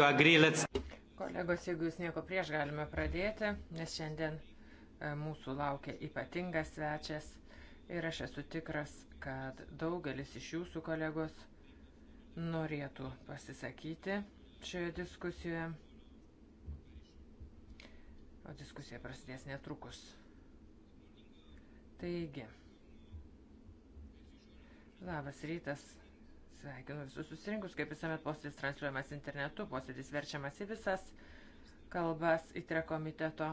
agree, Kolegos, jeigu jūs nieko prieš galime pradėti, nes šiandien e, mūsų laukia ypatingas svečias ir aš esu tikras, kad daugelis iš jūsų kolegos norėtų pasisakyti šioje diskusijoje. O diskusija prasidės netrukus. Taigi. Labas rytas, Sveikinu visus susirinkus, kaip visuomet posėdis transliuojamas internetu, posėdis verčiamas į visas kalbas, į tre komiteto.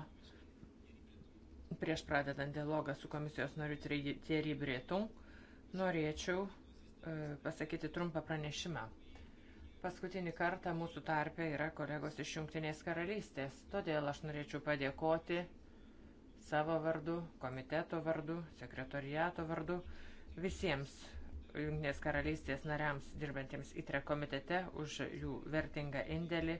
Prieš pradedant dialogą su komisijos noriu Thierry Breton, norėčiau e, pasakyti trumpą pranešimą. Paskutinį kartą mūsų tarpe yra kolegos iš Junktinės karalystės, todėl aš norėčiau padėkoti savo vardu, komiteto vardu, sekretoriato vardu visiems Junktinės karalystės nariams dirbantiems įtre komitete už jų vertingą indėlį.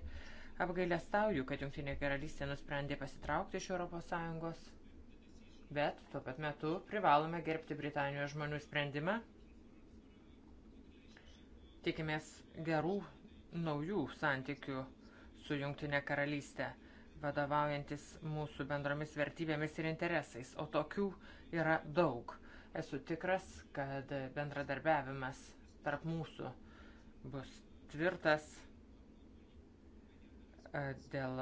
Apgailestauju, kad Junktinė karalystė nusprendė pasitraukti iš ES, bet tuo pat metu privalome gerbti Britanijos žmonių sprendimą. Tikimės gerų naujų santykių su Junktinė karalystė, vadovaujantis mūsų bendromis vertybėmis ir interesais, o tokių yra daug Esu tikras, kad bendradarbiavimas tarp mūsų bus tvirtas e, dėl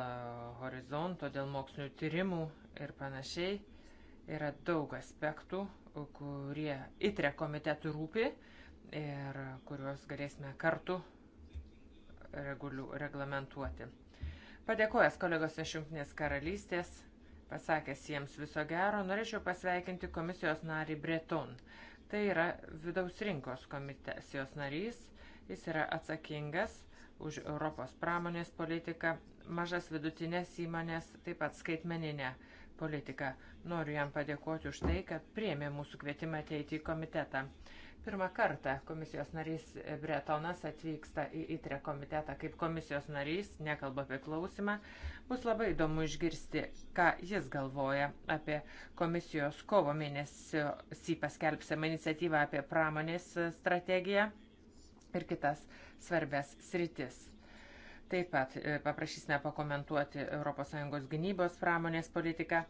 horizonto, dėl mokslinių tyrimų ir panašiai. Yra daug aspektų, kurie itre komitetų rūpi ir kuriuos galėsime kartu reguliu, reglamentuoti. Padėkojęs kolegos iš Junktinės karalystės, pasakęs jiems viso gero, norėčiau pasveikinti komisijos narį Breton. Tai yra vidaus rinkos komisijos narys, jis yra atsakingas už Europos pramonės politiką, mažas vidutinės įmonės, taip pat skaitmeninę politiką. Noriu jam padėkoti už tai, kad priemė mūsų kvietimą ateiti į komitetą. Pirmą kartą komisijos narys Bretonas atvyksta į ITRE komitetą kaip komisijos narys, nekalba apie klausimą. Bus labai įdomu išgirsti, ką jis galvoja apie komisijos kovo mėnesį paskelbsiamą iniciatyvą apie pramonės strategiją ir kitas svarbės sritis. Taip pat e, paprašysime pakomentuoti ES gynybos pramonės politiką.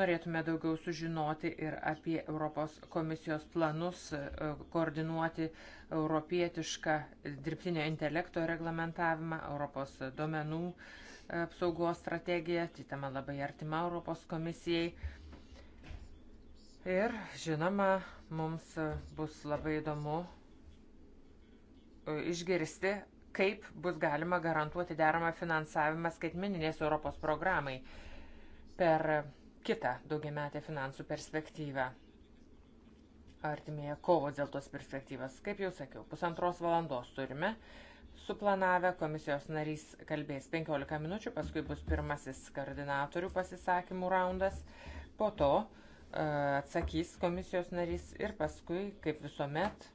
Norėtume daugiau sužinoti ir apie Europos komisijos planus e, koordinuoti europietišką dirbtinio intelekto reglamentavimą, Europos duomenų e, apsaugos strategiją. Tai tema labai artima Europos komisijai. Ir žinoma, mums bus labai įdomu išgirsti kaip bus galima garantuoti deramą finansavimą skaitmeninės Europos programai per kitą daugiametę finansų perspektyvą. Artimėje kovos dėl tos perspektyvas. Kaip jau sakiau, pusantros valandos turime. Suplanavę komisijos narys kalbės 15 minučių, paskui bus pirmasis koordinatorių pasisakymų raundas, po to uh, atsakys komisijos narys ir paskui, kaip visuomet,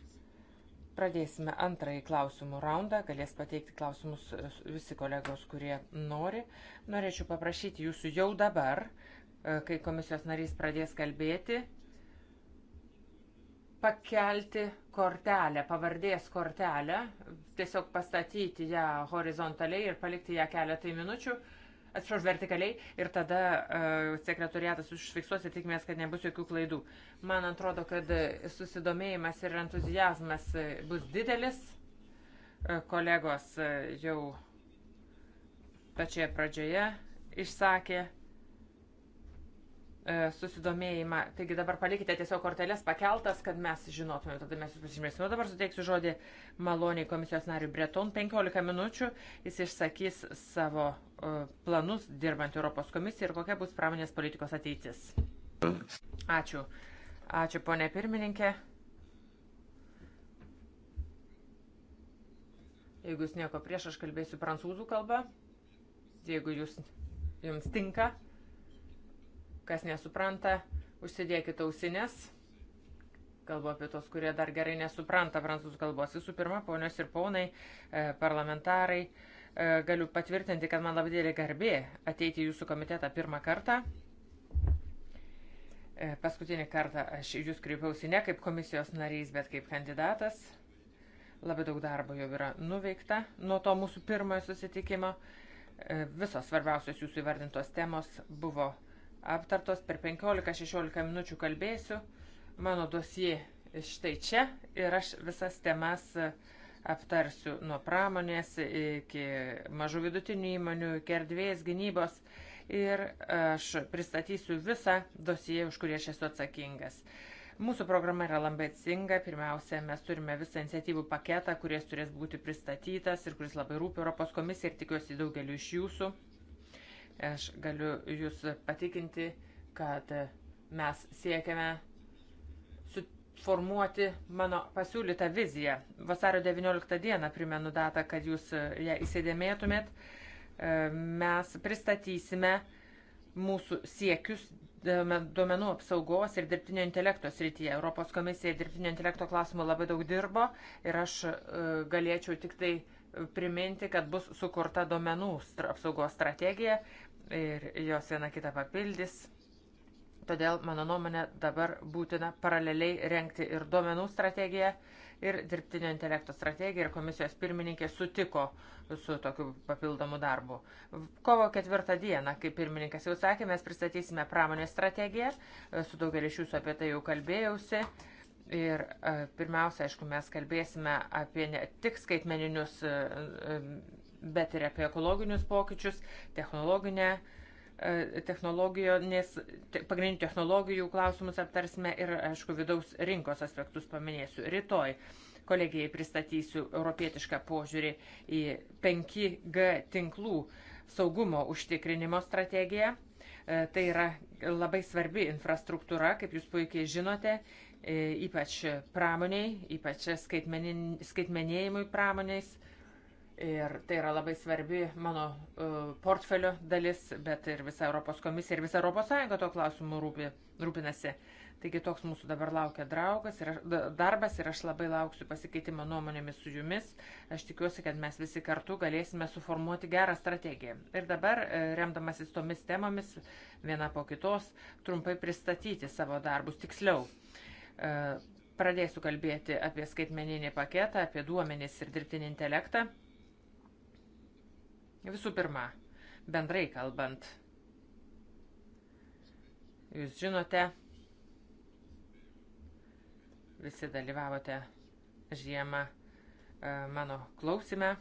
Pradėsime antrąjį klausimų raundą. Galės pateikti klausimus visi kolegos, kurie nori. Norėčiau paprašyti jūsų jau dabar, e, kai komisijos narys pradės kalbėti, pakelti kortelę, pavardės kortelę, tiesiog pastatyti ją horizontaliai ir palikti ją keletai minučių atsiprašau, vertikaliai ir tada uh, sekretoriatas užfiksuos ir tikimės, kad nebus jokių klaidų. Man atrodo, kad susidomėjimas ir entuzijazmas e, bus didelis. E, kolegos jau pačioje pradžioje išsakė E, susidomėjimą. Taigi dabar palikite tiesiog korteles pakeltas, kad mes žinotume, tada mes jūs pasižymėsime. O nu, dabar suteiksiu žodį maloniai komisijos nariui Breton. 15 minučių jis išsakys savo e, planus dirbant Europos komisiją ir kokia bus pramonės politikos ateitis. Ačiū. Ačiū, ponė pirmininkė. Jeigu jūs nieko prieš, aš kalbėsiu prancūzų kalbą. Jeigu jūs, jums tinka. Kas nesupranta, užsidėkite ausinės. Kalbu apie tos, kurie dar gerai nesupranta prancūzų kalbos. Visų pirma, ponios ir ponai, e, parlamentarai, e, galiu patvirtinti, kad man labai dėlė garbė ateiti į jūsų komitetą pirmą kartą. E, paskutinį kartą aš jūs kreipiausi ne kaip komisijos narys, bet kaip kandidatas. Labai daug darbo jau yra nuveikta nuo to mūsų pirmojo susitikimo. Visos svarbiausios jūsų įvardintos temos buvo aptartos per 15-16 minučių kalbėsiu. Mano dosie štai čia ir aš visas temas aptarsiu nuo pramonės iki mažų vidutinių įmonių, iki erdvės gynybos ir aš pristatysiu visą dosiją, už kurį aš esu atsakingas. Mūsų programa yra lambecinga. Pirmiausia, mes turime visą iniciatyvų paketą, kuris turės būti pristatytas ir kuris labai rūpi Europos komisija ir tikiuosi daugeliu iš jūsų. Aš galiu Jūs patikinti, kad mes siekiame formuoti mano pasiūlytą viziją. Vasario 19 dieną primenu datą, kad jūs ją įsidėmėtumėt. Mes pristatysime mūsų siekius duomenų apsaugos ir dirbtinio intelekto srityje. Europos komisija dirbtinio intelekto klausimų labai daug dirbo ir aš e, galėčiau tik tai priminti, kad bus sukurta duomenų apsaugos strategija, ir jos viena kitą papildys. Todėl, mano nuomonė, dabar būtina paraleliai renkti ir duomenų strategiją, ir dirbtinio intelekto strategiją, ir komisijos pirmininkė sutiko su tokiu papildomu darbu. Kovo ketvirtą dieną, kaip pirmininkas jau sakė, mes pristatysime pramonės strategiją, su daugeliu iš jūsų apie tai jau kalbėjausi. Ir e, pirmiausia, aišku, mes kalbėsime apie ne tik skaitmeninius e, bet ir apie ekologinius pokyčius, technologinę e, technologijos, pagrindinių technologijų klausimus aptarsime ir, aišku, vidaus rinkos aspektus paminėsiu. Rytoj kolegijai pristatysiu europietišką požiūrį į 5G tinklų saugumo užtikrinimo strategiją. E, tai yra labai svarbi infrastruktūra, kaip jūs puikiai žinote, e, ypač pramoniai, ypač skaitmenėjimui pramoniais Ir tai yra labai svarbi mano e, portfelio dalis, bet ir visa Europos komisija ir visa Europos Sąjunga tuo klausimu rūpi, rūpinasi. Taigi toks mūsų dabar laukia draugas ir aš, darbas ir aš labai lauksiu pasikeitimo nuomonėmis su jumis. Aš tikiuosi, kad mes visi kartu galėsime suformuoti gerą strategiją. Ir dabar, e, remdamasis tomis temomis, viena po kitos, trumpai pristatyti savo darbus tiksliau e, pradėsiu kalbėti apie skaitmeninį paketą, apie duomenis ir dirbtinį intelektą. Visų pirma, bendrai kalbant, jūs žinote, visi dalyvavote žiemą e, mano klausime,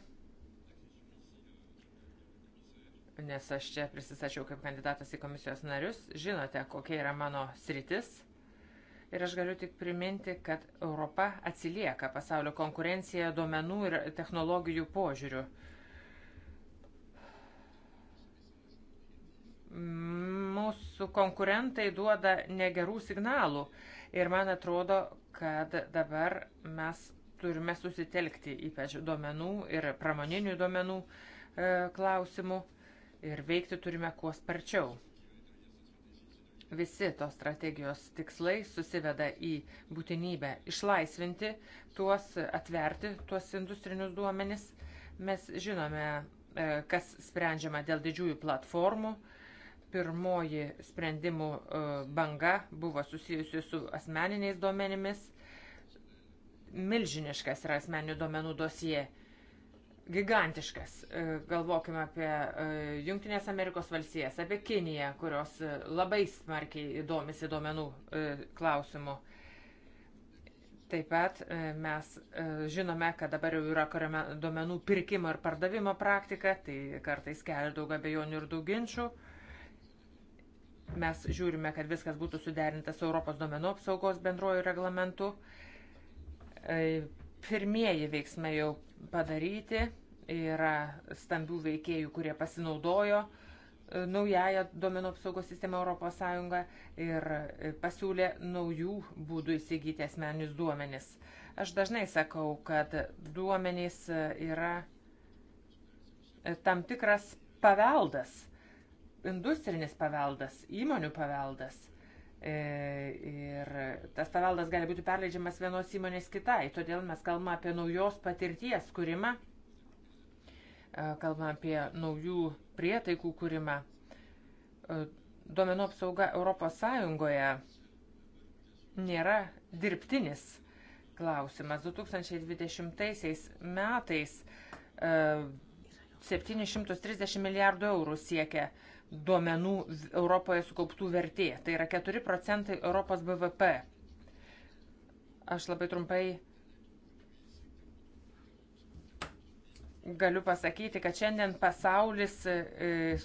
nes aš čia prisistačiau kaip kandidatas į komisijos narius. Žinote, kokia yra mano sritis. Ir aš galiu tik priminti, kad Europa atsilieka pasaulio konkurencijoje duomenų ir technologijų požiūrių. mūsų konkurentai duoda negerų signalų. Ir man atrodo, kad dabar mes turime susitelkti ypač duomenų ir pramoninių duomenų e, klausimų ir veikti turime kuo sparčiau. Visi tos strategijos tikslai susiveda į būtinybę išlaisvinti tuos, atverti tuos industrinius duomenis. Mes žinome, e, kas sprendžiama dėl didžiųjų platformų, Pirmoji sprendimų e, banga buvo susijusi su asmeniniais duomenimis. Milžiniškas yra asmeninių duomenų dosie. Gigantiškas. E, galvokime apie e, Junktinės Amerikos valstijas, apie Kiniją, kurios labai smarkiai domisi duomenų klausimu. Taip pat mes žinome, kad dabar jau yra duomenų pirkimo ir pardavimo praktika, tai kartais kelia daug abejonių ir daug ginčių. Mes žiūrime, kad viskas būtų suderinta su Europos duomenų apsaugos bendruoju reglamentu. E, pirmieji veiksmai jau padaryti yra stambių veikėjų, kurie pasinaudojo e, naująją duomenų apsaugos sistemą ES ir e, pasiūlė naujų būdų įsigyti asmenius duomenis. Aš dažnai sakau, kad duomenys yra tam tikras paveldas industrinis paveldas, įmonių paveldas. E, ir tas paveldas gali būti perleidžiamas vienos įmonės kitai. Todėl mes kalbame apie naujos patirties kūrimą, e, kalbame apie naujų prietaikų kūrimą. E, duomenų apsauga ES nėra dirbtinis klausimas. 2020 metais 730 milijardų eurų siekia duomenų Europoje sukauptų vertė. Tai yra 4 procentai Europos BVP. Aš labai trumpai galiu pasakyti, kad šiandien pasaulis e,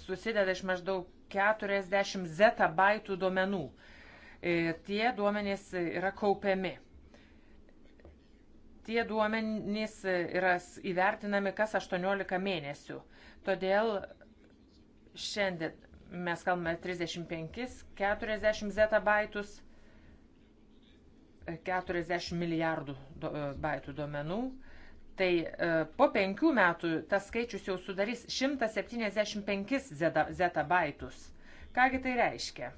susideda iš maždaug 40 zetabaitų duomenų. E, tie duomenys yra kaupiami. Tie duomenys yra įvertinami kas 18 mėnesių. Todėl Šiandien mes kalbame 35-40 zetabaitus, 40 milijardų do, e, baitų duomenų. Tai e, po penkių metų tas skaičius jau sudarys 175 zetabaitus. Kągi tai reiškia?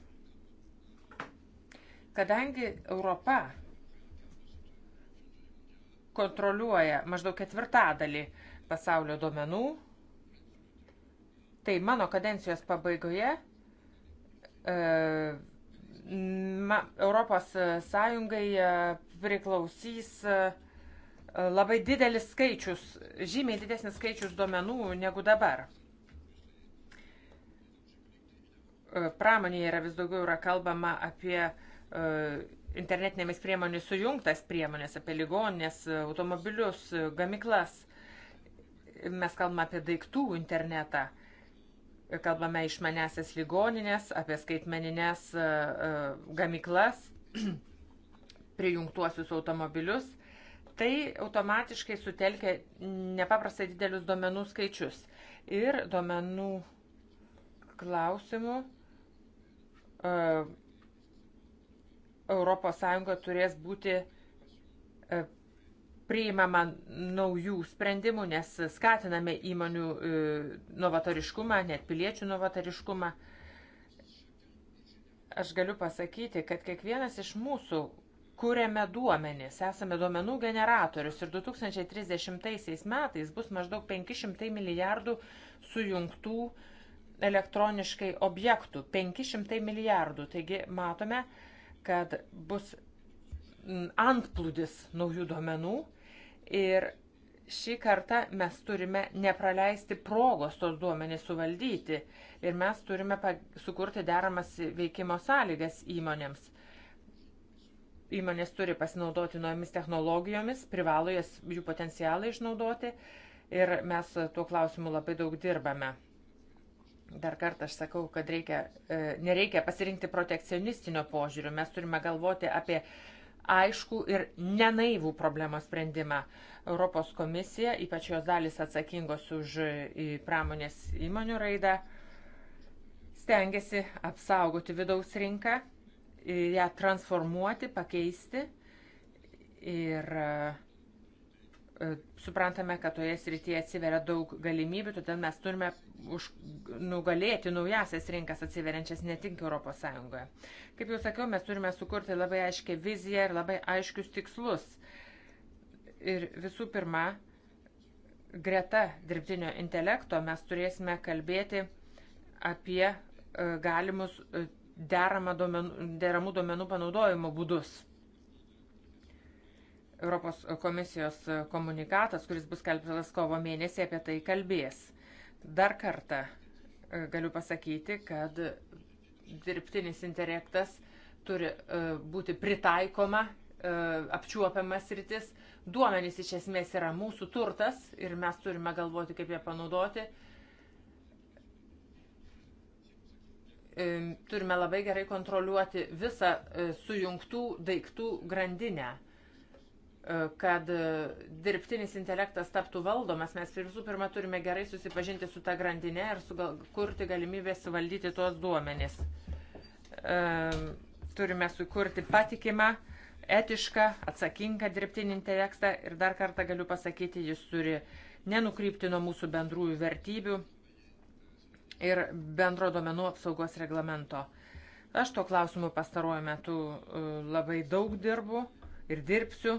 Kadangi Europa kontroliuoja maždaug ketvirtadalį pasaulio duomenų, Tai mano kadencijos pabaigoje e, ma, Europos Sąjungai e, priklausys e, labai didelis skaičius, žymiai didesnis skaičius duomenų negu dabar. Pramonėje yra vis daugiau yra kalbama apie internetinėmis priemonėmis sujungtas priemonės, apie ligoninės, automobilius, gamiklas. Mes kalbame apie daiktų internetą. Kalbame išmanesias ligoninės, apie skaitmeninės e, e, gamiklas, prijungtuosius automobilius. Tai automatiškai sutelkia nepaprastai didelius duomenų skaičius. Ir duomenų klausimų ES turės būti e, priimama naujų sprendimų, nes skatiname įmonių e, novatoriškumą, net piliečių novatoriškumą. Aš galiu pasakyti, kad kiekvienas iš mūsų kuriame duomenis, esame duomenų generatorius ir 2030 metais bus maždaug 500 milijardų sujungtų elektroniškai objektų. 500 milijardų. Taigi matome, kad bus antplūdis naujų duomenų Ir šį kartą mes turime nepraleisti progos tos duomenys suvaldyti ir mes turime sukurti deramas veikimo sąlygas įmonėms. Įmonės turi pasinaudoti naujomis technologijomis, privalo jas jų potencialą išnaudoti ir mes tuo klausimu labai daug dirbame. Dar kartą aš sakau, kad reikia, e, nereikia pasirinkti protekcionistinio požiūrių, mes turime galvoti apie aišku ir nenaivų problemos sprendimą. Europos komisija, ypač jos dalis atsakingos už e, pramonės įmonių raidą, stengiasi apsaugoti vidaus rinką, e, ją transformuoti, pakeisti. Ir uh, E, suprantame, kad toje srityje atsiveria daug galimybių, todėl mes turime už, nugalėti naujasias rinkas atsiveriančias ne tik ES. Kaip jau sakiau, mes turime sukurti labai aiškę viziją ir labai aiškius tikslus. Ir visų pirma, greta dirbtinio intelekto mes turėsime kalbėti apie e, galimus e, deramą duomenų, deramų duomenų panaudojimo būdus Europos komisijos komunikatas, kuris bus skelbtas kovo mėnesį, apie tai kalbės. Dar kartą e, galiu pasakyti, kad dirbtinis intelektas turi e, būti pritaikoma, e, apčiuopiamas rytis. Duomenys iš esmės yra mūsų turtas ir mes turime galvoti, kaip ją panaudoti. Turime labai gerai kontroliuoti visą sujungtų daiktų grandinę kad dirbtinis intelektas taptų valdomas, mes visų pirma turime gerai susipažinti su ta grandinė ir sukurti galimybę suvaldyti tuos duomenis. Turime sukurti patikimą, etišką, atsakingą dirbtinį intelektą ir dar kartą galiu pasakyti, jis turi nenukrypti nuo mūsų bendrųjų vertybių ir bendro domenų apsaugos reglamento. Aš to klausimu pastaruoju metu e, labai daug dirbu ir dirbsiu,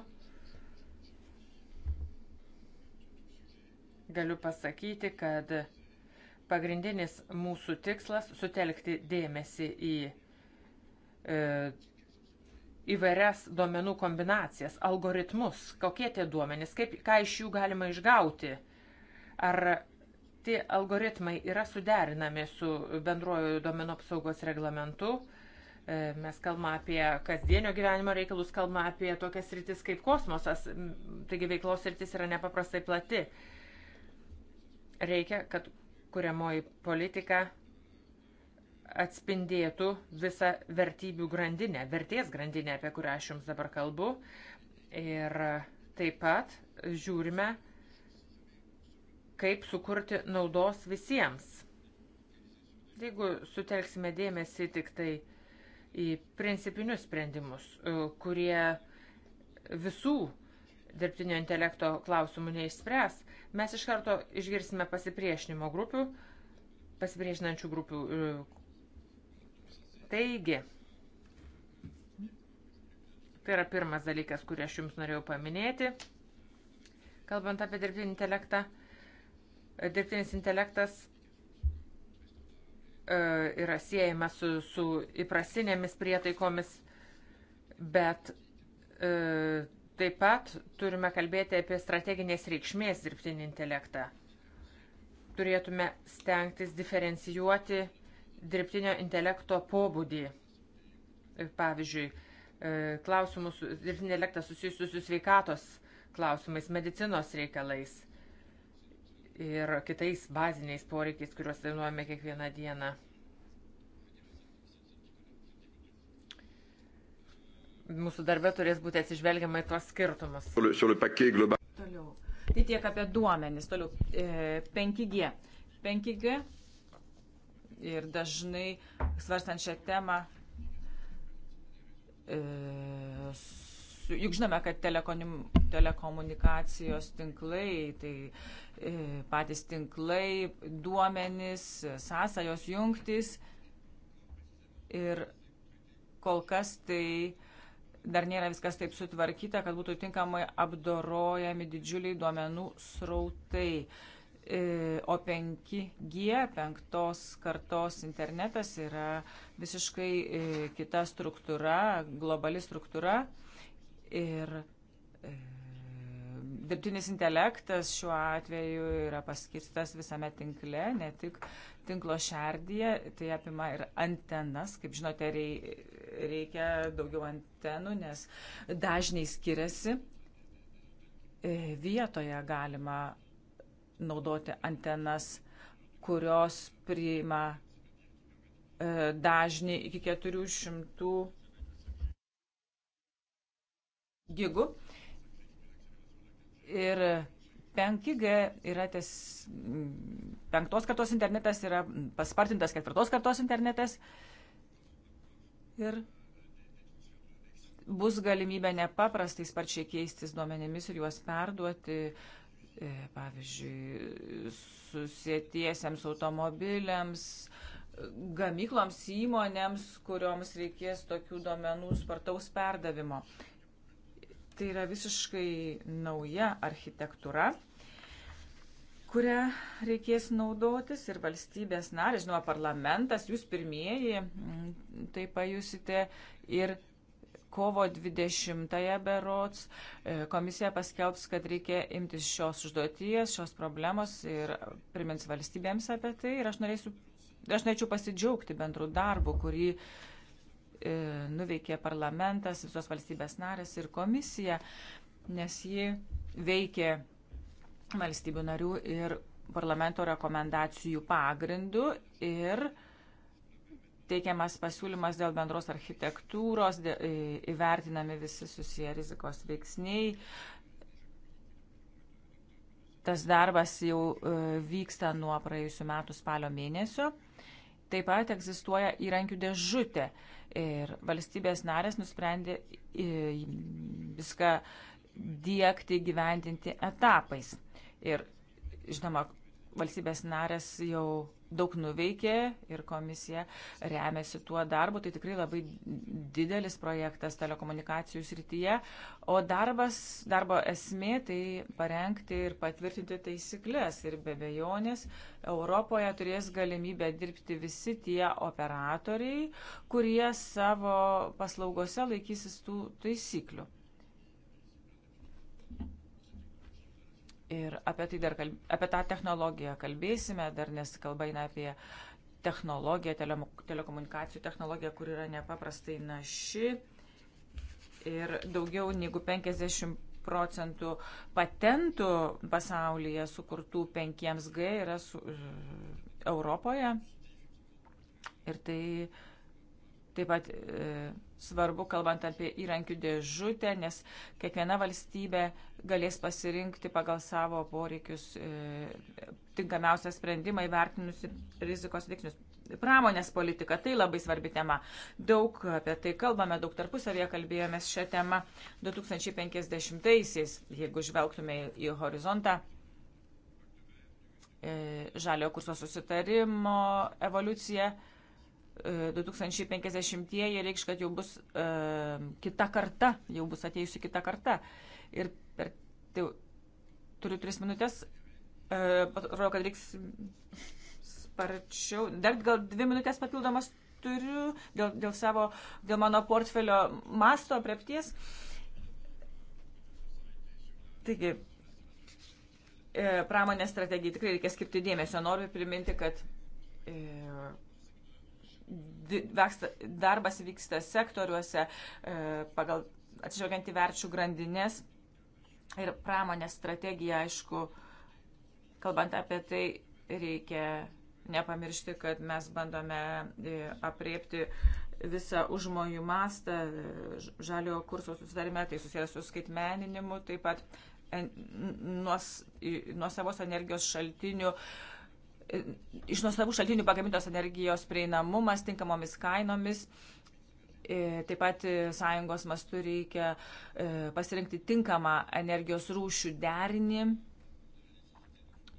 galiu pasakyti, kad pagrindinis mūsų tikslas - sutelkti dėmesį į e, įvairias duomenų kombinacijas, algoritmus, kokie tie duomenys, kaip, ką iš jų galima išgauti. Ar tie algoritmai yra suderinami su bendruoju duomenų apsaugos reglamentu. E, mes kalbame apie kasdienio gyvenimo reikalus, kalbame apie tokias rytis kaip kosmosas, taigi veiklos rytis yra nepaprastai plati. Reikia, kad kuriamoji politika atspindėtų visą vertybių grandinę, vertės grandinę, apie kurią aš jums dabar kalbu. Ir taip pat žiūrime, kaip sukurti naudos visiems. Jeigu sutelksime dėmesį tik tai į principinius sprendimus, e, kurie visų dirbtinio intelekto klausimų neišspręs, Mes iš karto išgirsime pasipriešinimo grupių, pasipriešinančių grupių. E, Taigi, tai yra pirmas dalykas, kurį aš jums norėjau paminėti. Kalbant apie dirbtinį intelektą, e, dirbtinis intelektas e, yra siejama su, su įprasinėmis prietaikomis, bet Taip pat turime kalbėti apie strateginės reikšmės dirbtinį intelektą. Turėtume stengtis diferencijuoti dirbtinio intelekto pobūdį. E, pavyzdžiui, e, klausimus, dirbtinį intelektą susijusius su sveikatos klausimais, medicinos reikalais ir kitais baziniais poreikiais, kuriuos dainuojame kiekvieną dieną. mūsų darbė turės būti atsižvelgiama į tuos skirtumus. Toliau. Tai tiek apie duomenis. Toliau. E, 5G. 5G ir dažnai svarstant šią temą. E, juk žinome, kad telekonim, telekomunikacijos tinklai, tai e, patys tinklai, duomenys, sąsajos jungtis ir kol kas tai dar nėra viskas taip sutvarkyta, kad būtų tinkamai apdorojami didžiuliai duomenų srautai. E, o 5G, penktos kartos internetas yra visiškai e, kita struktūra, globali struktūra. Ir e, dirbtinis intelektas šiuo atveju yra paskirstas visame tinkle, ne tik tinklo šerdyje, tai apima ir antenas, kaip žinote, rei, reikia daugiau antenų, nes dažniai skiriasi. E, vietoje galima naudoti antenas, kurios priima e, dažnį iki 400 gigų. Ir 5G yra tas penktos kartos internetas, yra paspartintas ketvirtos kartos internetas. E, ir bus galimybė nepaprastai sparčiai keistis duomenimis ir juos perduoti, e, pavyzdžiui, susietiesiems automobiliams, gamykloms, įmonėms, kurioms reikės tokių duomenų spartaus perdavimo. Tai yra visiškai nauja architektūra kurią reikės naudotis ir valstybės narės, žinoma, parlamentas, jūs pirmieji mm, tai pajusite ir kovo 20-ąją berots e, komisija paskelbs, kad reikia imtis šios užduoties, šios problemos ir primins valstybėms apie tai. Ir aš, norėsiu, aš norėčiau pasidžiaugti bendrų darbų, kurį e, nuveikė parlamentas, visos valstybės narės ir komisija, nes ji veikė valstybių narių ir parlamento rekomendacijų pagrindu ir teikiamas pasiūlymas dėl bendros architektūros, dė, įvertinami visi susiję rizikos veiksniai. Tas darbas jau e, vyksta nuo praėjusiu metu spalio mėnesio. Taip pat egzistuoja įrankių dėžutė ir valstybės narės nusprendė e, viską diegti, gyventinti etapais. Ir žinoma, valstybės narės jau daug nuveikė ir komisija remiasi tuo darbu. Tai tikrai labai didelis projektas telekomunikacijų srityje. O darbas, darbo esmė tai parengti ir patvirtinti taisyklės. Ir be bejonės Europoje turės galimybę dirbti visi tie operatoriai, kurie savo paslaugose laikysis tų taisyklių. Ir apie, tai dar kalb... apie tą technologiją kalbėsime, dar nes kalba eina apie technologiją, tele... telekomunikacijų technologiją, kur yra nepaprastai naši. Ir daugiau negu 50 procentų patentų pasaulyje sukurtų 5G yra su... Europoje. Ir tai Taip pat e, svarbu, kalbant apie įrankių dėžutę, nes kiekviena valstybė galės pasirinkti pagal savo poreikius e, tinkamiausią sprendimą įvertinusi rizikos veiksnius. Pramonės politika - tai labai svarbi tema. Daug apie tai kalbame, daug tarpusavėje kalbėjomės šią temą 2050-aisiais, jeigu žvelgtume į horizontą e, žaliojo kurso susitarimo evoliucija 2050-ieji reikš, kad jau bus e, kita karta, jau bus atėjusi kita karta. Ir per, tai, turiu tris minutės, e, atrodo, kad reiks sparčiau, dar gal dvi minutės papildomas turiu dėl, dėl savo, dėl mano portfelio masto aprepties. Taigi, e, pramonės strategijai tikrai reikia skirti dėmesio. Noriu priminti, kad e, darbas vyksta sektoriuose e, pagal atsižvelgiant į verčių grandinės ir pramonės strategiją, aišku, kalbant apie tai, reikia nepamiršti, kad mes bandome e, apriepti visą užmojų mastą e, žaliojo kurso susidarime, tai susijęs su skaitmeninimu, taip pat nuos, nuo savos energijos šaltinių uh, iš nuostabų šaltinių pagamintos energijos prieinamumas tinkamomis kainomis. E, taip pat e, sąjungos mastu reikia e, pasirinkti tinkamą energijos rūšių derinį.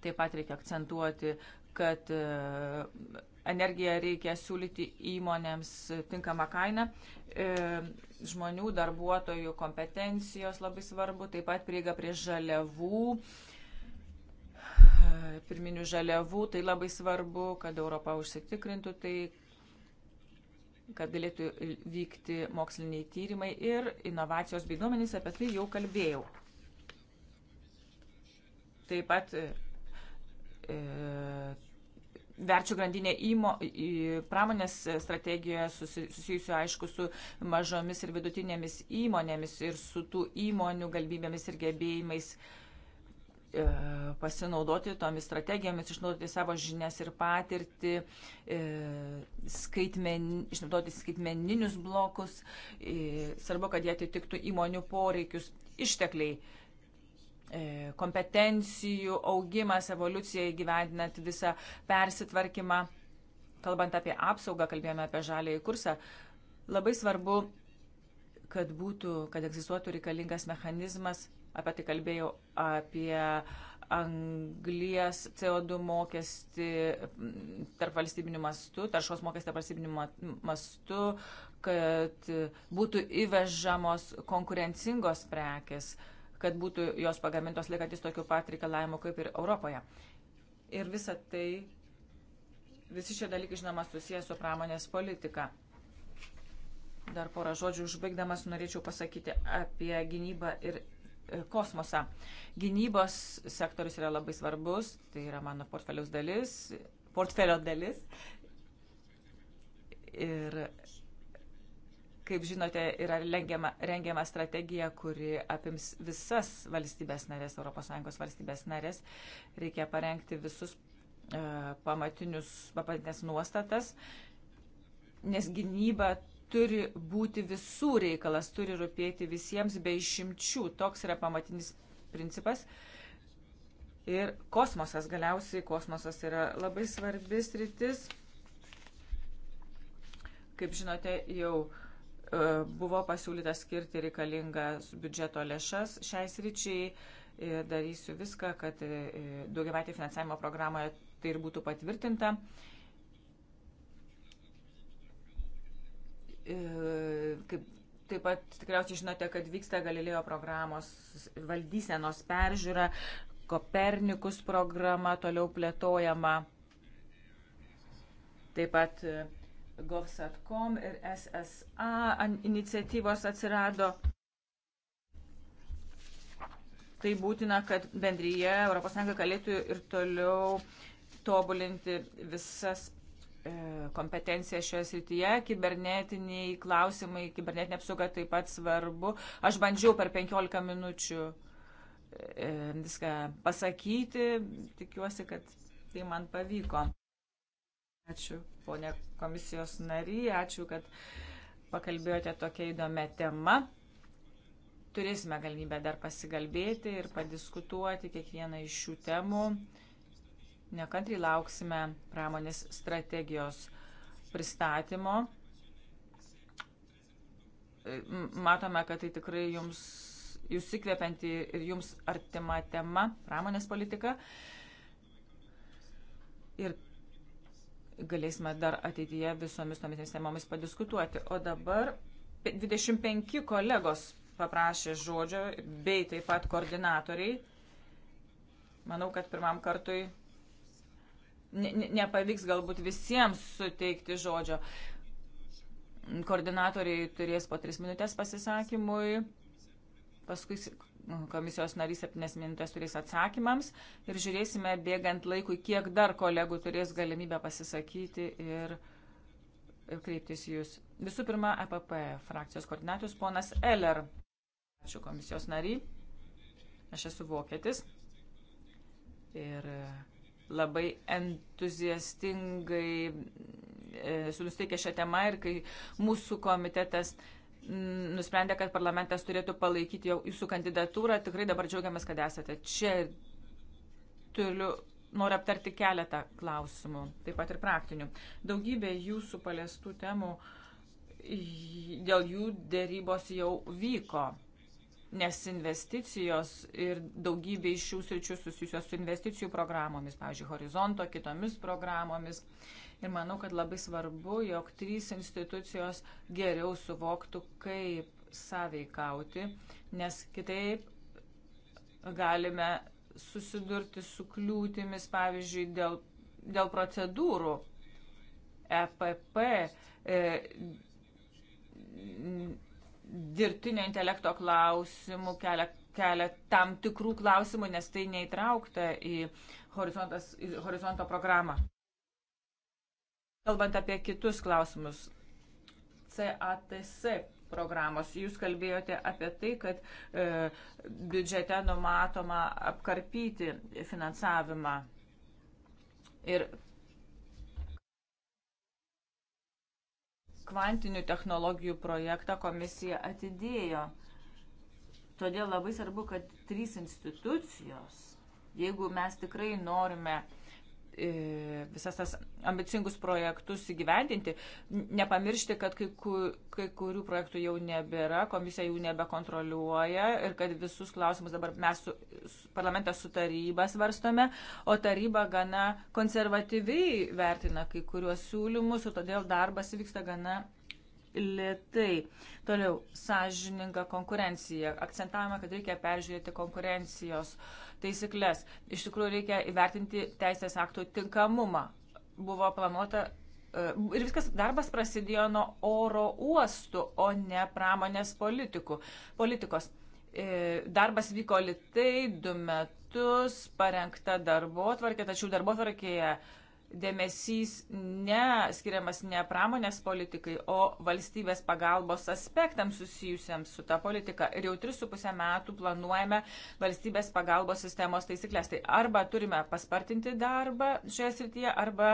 Taip pat reikia akcentuoti, kad energiją reikia siūlyti įmonėms tinkamą kainą. Žmonių, darbuotojų kompetencijos labai svarbu, taip pat prieiga prie žaliavų pirminių žaliavų, tai labai svarbu, kad Europa užsitikrintų tai, kad galėtų vykti moksliniai tyrimai ir inovacijos bei duomenys, apie tai jau kalbėjau. Taip pat e, e verčių grandinė įmo, į pramonės strategijoje susijusiu aišku su mažomis ir vidutinėmis įmonėmis ir su tų įmonių galimybėmis ir gebėjimais e, E, pasinaudoti tomis strategijomis, išnaudoti savo žinias ir patirtį, e, skaitmen, išnaudoti skaitmeninius blokus, e, svarbu, kad jie atitiktų įmonių poreikius, ištekliai, kompetencijų augimas, evoliucija įgyvendinant visą persitvarkymą. Kalbant apie apsaugą, kalbėjome apie žalėjį kursą, labai svarbu, kad būtų, kad egzistuotų reikalingas mechanizmas apie tai kalbėjau, apie anglies CO2 mokestį tarp valstybinių mastų, taršos mokestį tarp valstybinių mastų, kad būtų įvežamos konkurencingos prekes, kad būtų jos pagamintos laikantis tokių pat reikalavimų kaip ir Europoje. Ir visa tai, visi šie dalykai, žinoma, susijęs su pramonės politika. Dar porą žodžių užbaigdamas norėčiau pasakyti apie gynybą ir E, kosmosą. Gynybos sektorius yra labai svarbus, tai yra mano portfelios dalis, portfelio dalis. Ir kaip žinote, yra rengiama, rengiama strategija, kuri apims visas valstybės narės, ES valstybės narės. Reikia parengti visus e, pamatinius, pamatinės nuostatas, nes gynyba turi būti visų reikalas, turi rūpėti visiems be išimčių. Toks yra pamatinis principas. Ir kosmosas galiausiai, kosmosas yra labai svarbis rytis. Kaip žinote, jau e, buvo pasiūlyta skirti reikalingas biudžeto lėšas šiais ryčiai. Darysiu viską, kad e, daugiametė finansavimo programoje tai ir būtų patvirtinta. E, kaip Taip pat tikriausiai žinote, kad vyksta Galilėjo programos valdysenos peržiūra, Kopernikus programa toliau plėtojama. Taip pat e, govsat.com ir SSA iniciatyvos atsirado. Tai būtina, kad bendryje ES galėtų ir toliau tobulinti visas E, kompetencija šioje srityje, kibernetiniai klausimai, kibernetinė apsauga taip pat svarbu. Aš bandžiau per 15 minučių e, viską pasakyti, tikiuosi, kad tai man pavyko. Ačiū, ponė komisijos nary, ačiū, kad pakalbėjote tokia įdomia tema. Turėsime galimybę dar pasigalbėti ir padiskutuoti kiekvieną iš šių temų nekantriai lauksime pramonės strategijos pristatymo. E, matome, kad tai tikrai jums, jūs įkvepianti ir jums artima tema - pramonės politika. Ir galėsime dar ateityje visomis tomis temomis padiskutuoti. O dabar 25 kolegos paprašė žodžio, bei taip pat koordinatoriai. Manau, kad pirmam kartui ne, nepavyks galbūt visiems suteikti žodžio. Koordinatoriai turės po tris minutės pasisakymui, paskui komisijos narys septynes minutės turės atsakymams ir žiūrėsime bėgant laikui, kiek dar kolegų turės galimybę pasisakyti ir, ir kreiptis jūs. Visų pirma, EPP frakcijos koordinatorius ponas Eller. Ačiū komisijos nariai. Aš esu vokietis. Ir labai entuziastingai e, sunusteikę šią temą ir kai mūsų komitetas nusprendė, kad parlamentas turėtų palaikyti jūsų kandidatūrą, tikrai dabar džiaugiamės, kad esate čia. Turiu, noriu aptarti keletą klausimų, taip pat ir praktinių. Daugybė jūsų paliestų temų, dėl jų dėrybos jau vyko nes investicijos ir daugybė iš šių sričių susijusios su investicijų programomis, pavyzdžiui, horizonto kitomis programomis. Ir manau, kad labai svarbu, jog trys institucijos geriau suvoktų, kaip sąveikauti, nes kitaip galime susidurti su kliūtimis, pavyzdžiui, dėl, dėl procedūrų EPP. E, e dirbtinio intelekto klausimų, kelia, kelia tam tikrų klausimų, nes tai neįtraukta į, į horizonto programą. Kalbant apie kitus klausimus, CATC programos. Jūs kalbėjote apie tai, kad e, biudžete numatoma apkarpyti finansavimą. Ir kvantinių technologijų projektą komisija atidėjo. Todėl labai svarbu, kad trys institucijos, jeigu mes tikrai norime E, visas tas ambicingus projektus įgyvendinti. Nepamiršti, kad kai, ku, kai kurių projektų jau nebėra, komisija jų nebekontroliuoja ir kad visus klausimus dabar mes su, su parlamentas su taryba svarstome, o taryba gana konservatyviai vertina kai kuriuos siūlymus ir todėl darbas vyksta gana lietai. Toliau, sąžininga konkurencija. Akcentavome, kad reikia peržiūrėti konkurencijos taisyklės. Iš tikrųjų, reikia įvertinti teisės aktų tinkamumą. Buvo planuota. E, ir viskas darbas prasidėjo nuo oro uostų, o ne pramonės politikų. politikos. E, darbas vyko litai, du metus, parengta darbo tvarkė, tačiau darbo tvarkėje uh, dėmesys neskiriamas ne pramonės politikai, o valstybės pagalbos aspektams susijusiems su ta politika. Ir jau 3,5 metų planuojame valstybės pagalbos sistemos taisyklės. Tai arba turime paspartinti darbą šioje srityje, arba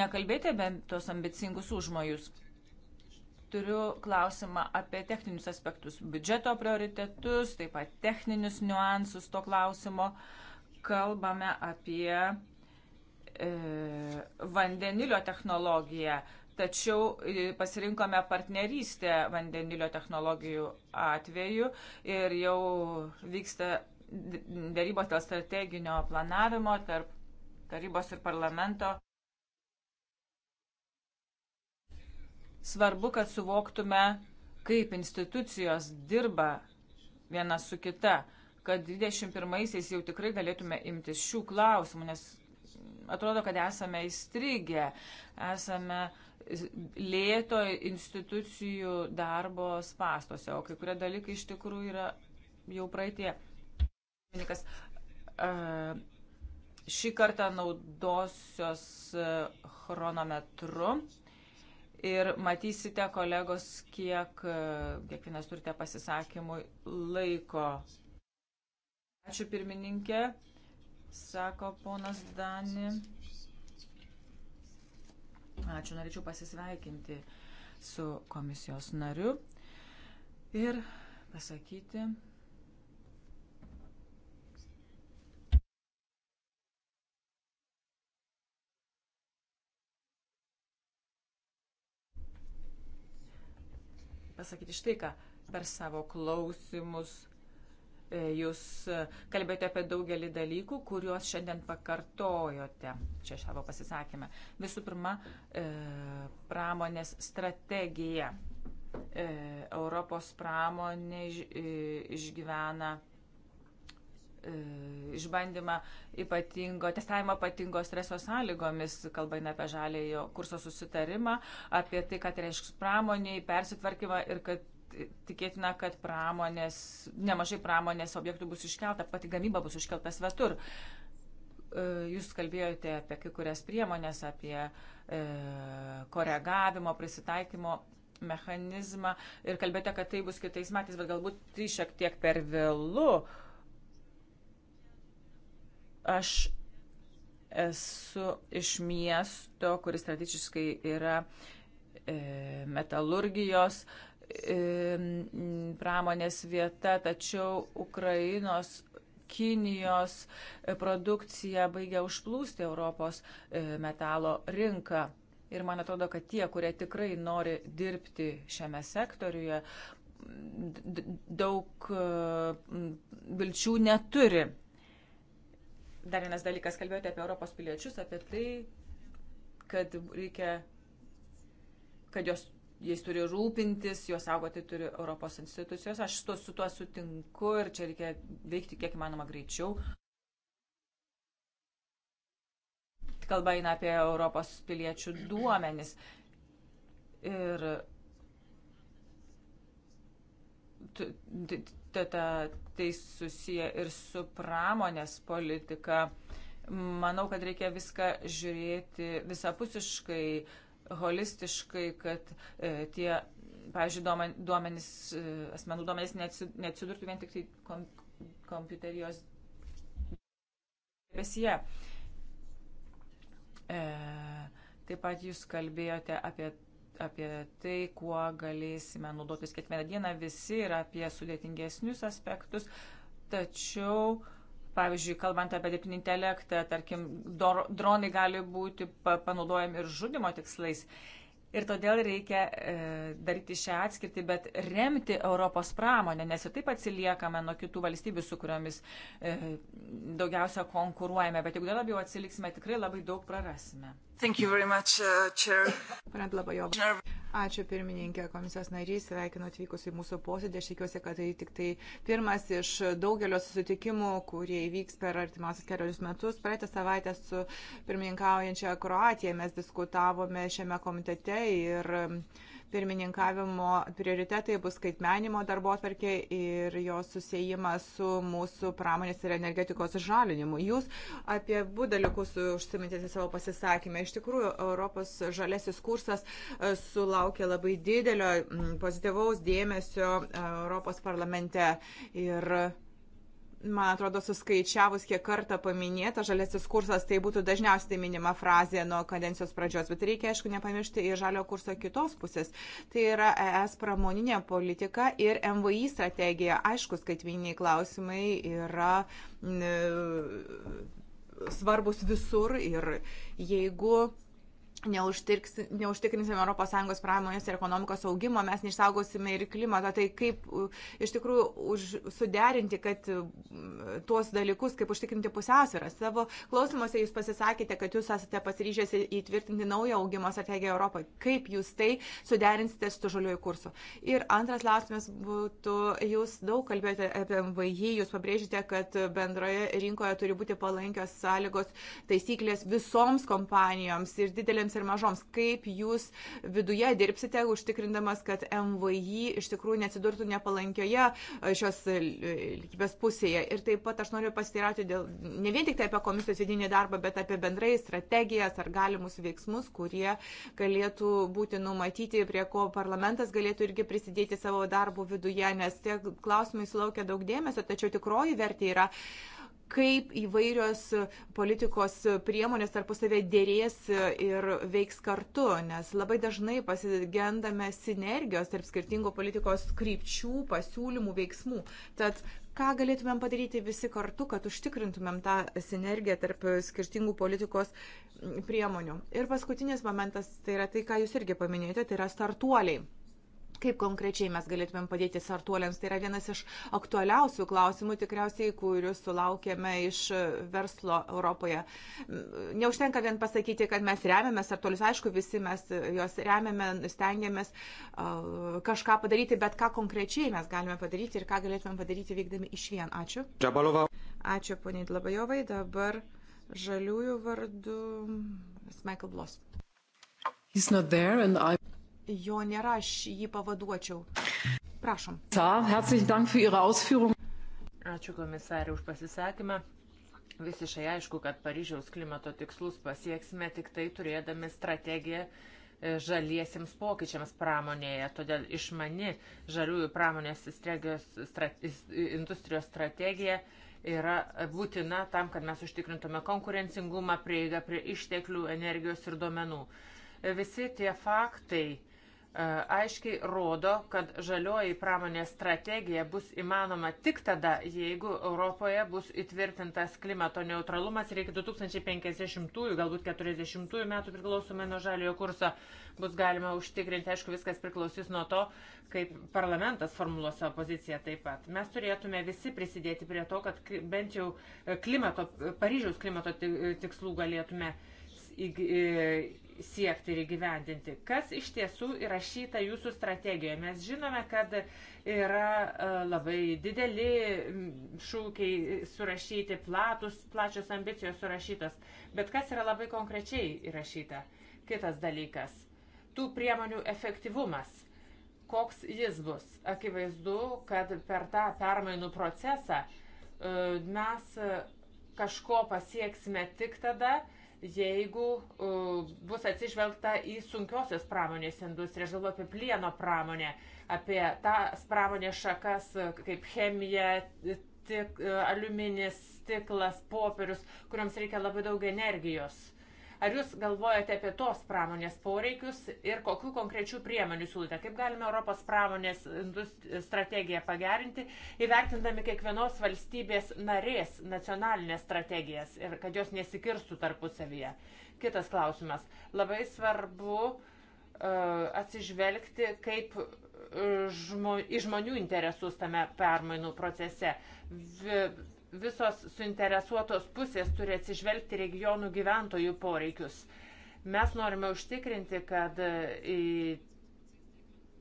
nekalbėti apie tos ambicingus užmojus. Turiu klausimą apie techninius aspektus, biudžeto prioritetus, taip pat techninius niuansus to klausimo. Kalbame apie E, vandenilio technologiją, tačiau e, pasirinkome partnerystę vandenilio technologijų atveju ir jau vyksta dėrybos dėl strateginio planavimo tarp tarybos ir parlamento. Svarbu, kad suvoktume, kaip institucijos dirba viena su kita, kad 21-aisiais jau tikrai galėtume imtis šių klausimų, nes atrodo, kad esame įstrigę, esame lėto institucijų darbo spastose, o kai kurie dalykai iš tikrųjų yra jau praeitie. Šį kartą naudosios chronometru ir matysite, kolegos, kiek kiekvienas turite pasisakymui laiko. Ačiū pirmininkė sako ponas Dani. Ačiū, norėčiau pasisveikinti su komisijos nariu ir pasakyti. Pasakyti štai ką per savo klausimus E, jūs e, kalbėjote apie daugelį dalykų, kuriuos šiandien pakartojote čia savo pasisakymę. Visų pirma, e, pramonės strategija. Europos pramonė išgyvena išbandymą ypatingo, testavimą ypatingo streso sąlygomis, kalbant apie žalėjo kurso susitarimą, apie tai, kad tai reiškia pramoniai, persitvarkymą ir kad tikėtina, kad pramonės, nemažai pramonės objektų bus iškelta, pati gamyba bus iškelta svetur. E, jūs kalbėjote apie kai kurias priemonės, apie e, koregavimo, prisitaikymo mechanizmą ir kalbėjote, kad tai bus kitais metais, bet galbūt tai šiek tiek per vėlų. Aš esu iš miesto, kuris tradiciškai yra e, metalurgijos pramonės vieta, tačiau Ukrainos, Kinijos e, produkcija baigia užplūsti Europos e, metalo rinką. Ir man atrodo, kad tie, kurie tikrai nori dirbti šiame sektoriuje, daug e, vilčių neturi. Dar vienas dalykas, kalbėjote apie Europos piliečius, apie tai, kad reikia, kad jos jais turi rūpintis, juos saugoti turi Europos institucijos. Aš to, su tuo sutinku ir čia reikia veikti kiek įmanoma greičiau. Kalba eina apie Europos piliečių duomenis. Ir tai susiję ir su pramonės politika. Manau, kad reikia viską žiūrėti visapusiškai holistiškai, kad e, tie, pavyzdžiui, duomenys, e, asmenų duomenys neatsidurtų vien tik tai kom, kompiuterijos debesyje. E, taip pat jūs kalbėjote apie, apie tai, kuo galėsime naudotis kiekvieną dieną visi ir apie sudėtingesnius aspektus, tačiau e, Pavyzdžiui, kalbant apie dirbtinį intelektą, tarkim, dronai gali būti panaudojami ir žudimo tikslais. Ir todėl reikia e, daryti šią atskirtį, bet remti Europos pramonę, nes ir taip atsiliekame nuo kitų valstybių, su kuriomis e, daugiausia konkuruojame. Bet jeigu dar labiau atsiliksime, tikrai labai daug prarasime. Much, uh, Ačiū pirmininkė, komisijos narys, sveikinu atvykus į mūsų posėdį. Aš tikiuosi, kad tai tik tai pirmas iš daugelio susitikimų, kurie įvyks per artimiausius kelius metus. Praeitą savaitę su pirmininkaujančia Kroatija mes diskutavome šiame komitete ir uh, pirmininkavimo prioritetai bus skaitmenimo darbo atvarkė ir jo susijimas su mūsų pramonės ir energetikos žalinimu. Jūs apie abu dalykus užsimintėte savo pasisakymę. Iš tikrųjų, Europos žalesis kursas e, sulaukė labai didelio pozityvaus dėmesio e, Europos parlamente ir man atrodo, suskaičiavus, kiek kartą paminėta žaliasis kursas, tai būtų dažniausiai tai minima frazė nuo kadencijos pradžios, bet reikia, aišku, nepamiršti ir žalio kurso kitos pusės. Tai yra ES pramoninė politika ir MVI strategija. Aišku, skaitminiai klausimai yra svarbus visur ir jeigu neužtikrinsime ES pramonės ir ekonomikos augimo, mes neišsaugosime ir klimatą. Tai kaip iš tikrųjų už, suderinti, kad tuos dalykus, kaip užtikrinti pusiausvyrą. Savo klausimuose jūs pasisakėte, kad jūs esate pasiryžęs įtvirtinti naują augimo strategiją Europoje. Kaip jūs tai suderinsite su žaliuoju kursu? Ir antras klausimas būtų, jūs daug kalbėjote apie MVI, jūs pabrėžite, kad bendroje rinkoje turi būti palankios sąlygos, taisyklės visoms kompanijoms ir didelėms ir mažoms. Kaip jūs viduje dirbsite, užtikrindamas, kad MVI iš tikrųjų neatsidurtų nepalankioje e, šios e, lygybės pusėje. Ir taip pat aš noriu pasitirauti dėl, ne vien tik tai apie komisijos vidinį darbą, bet apie bendrai strategijas ar galimus veiksmus, kurie galėtų būti numatyti, prie ko parlamentas galėtų irgi prisidėti savo darbų viduje, nes tie klausimai sulaukia daug dėmesio, tačiau tikroji vertė yra. Uh, kaip įvairios politikos priemonės tarpusavė dėrės ir veiks kartu, nes labai dažnai pasigendame sinergijos tarp skirtingų politikos krypčių, pasiūlymų, veiksmų. Tad ką galėtumėm padaryti visi kartu, kad užtikrintumėm tą sinergiją tarp skirtingų politikos priemonių. Ir paskutinis momentas, tai yra tai, ką jūs irgi paminėjote, tai yra startuoliai. Kaip konkrečiai mes galėtumėm padėti sartuoliams, tai yra vienas iš aktualiausių klausimų, tikriausiai, kuriuos sulaukėme iš verslo Europoje. Neužtenka vien pasakyti, kad mes remiame sartuolius, aišku, visi mes juos remiame, stengiamės uh, kažką padaryti, bet ką konkrečiai mes galime padaryti ir ką galėtumėm padaryti veikdami iš vien. Ačiū. Džabalova. Ačiū, poniai Dlabajovai. Dabar žaliųjų vardu Michael Bloss. He's not there and I... Jo nėra, aš jį pavaduočiau. Prašom. Ačiū komisarė už pasisakymą. Visiškai aišku, kad Paryžiaus klimato tikslus pasieksime tik tai turėdami strategiją e, žaliesiems pokyčiams pramonėje. Todėl išmani žaliųjų pramonės strate, industrijos strategija yra būtina tam, kad mes užtikrintume konkurencingumą, prieigą prie išteklių, energijos ir duomenų. E, visi tie faktai E, aiškiai rodo, kad žalioji pramonės strategija bus įmanoma tik tada, jeigu Europoje bus įtvirtintas klimato neutralumas ir iki 2050-ųjų, galbūt 40-ųjų metų priklausomai nuo žaliojo kurso bus galima užtikrinti. Aišku, viskas priklausys nuo to, kaip parlamentas formuluos savo poziciją taip pat. Mes turėtume visi prisidėti prie to, kad bent jau e, klimato, Paryžiaus klimato e, tikslų galėtume siekti ir įgyvendinti. Kas iš tiesų įrašyta jūsų strategijoje? Mes žinome, kad yra e, labai dideli šūkiai surašyti, platus, plačios ambicijos surašytos, bet kas yra labai konkrečiai įrašyta? Kitas dalykas - tų priemonių efektyvumas. Koks jis bus? Akivaizdu, kad per tą permainų procesą e, mes e, kažko pasieksime tik tada, jeigu uh, bus atsižvelgta į sunkiosios pramonės industriją, žalvo apie plieno pramonę, apie tas pramonės šakas e, kaip chemija, e, tik, uh, aliuminis, stiklas, popierius, kuriams reikia labai daug energijos. Ar jūs galvojate apie tos pramonės poreikius ir kokių konkrečių priemonių siūlote? Kaip galime Europos pramonės strategiją pagerinti, įvertindami kiekvienos valstybės narės nacionalinės strategijas ir kad jos nesikirstų tarpusavyje? Kitas klausimas. Labai svarbu uh, atsižvelgti, kaip e, žmo, į žmonių interesus tame permainų procese. V, visos suinteresuotos pusės turi atsižvelgti regionų gyventojų poreikius. Mes norime užtikrinti, kad e,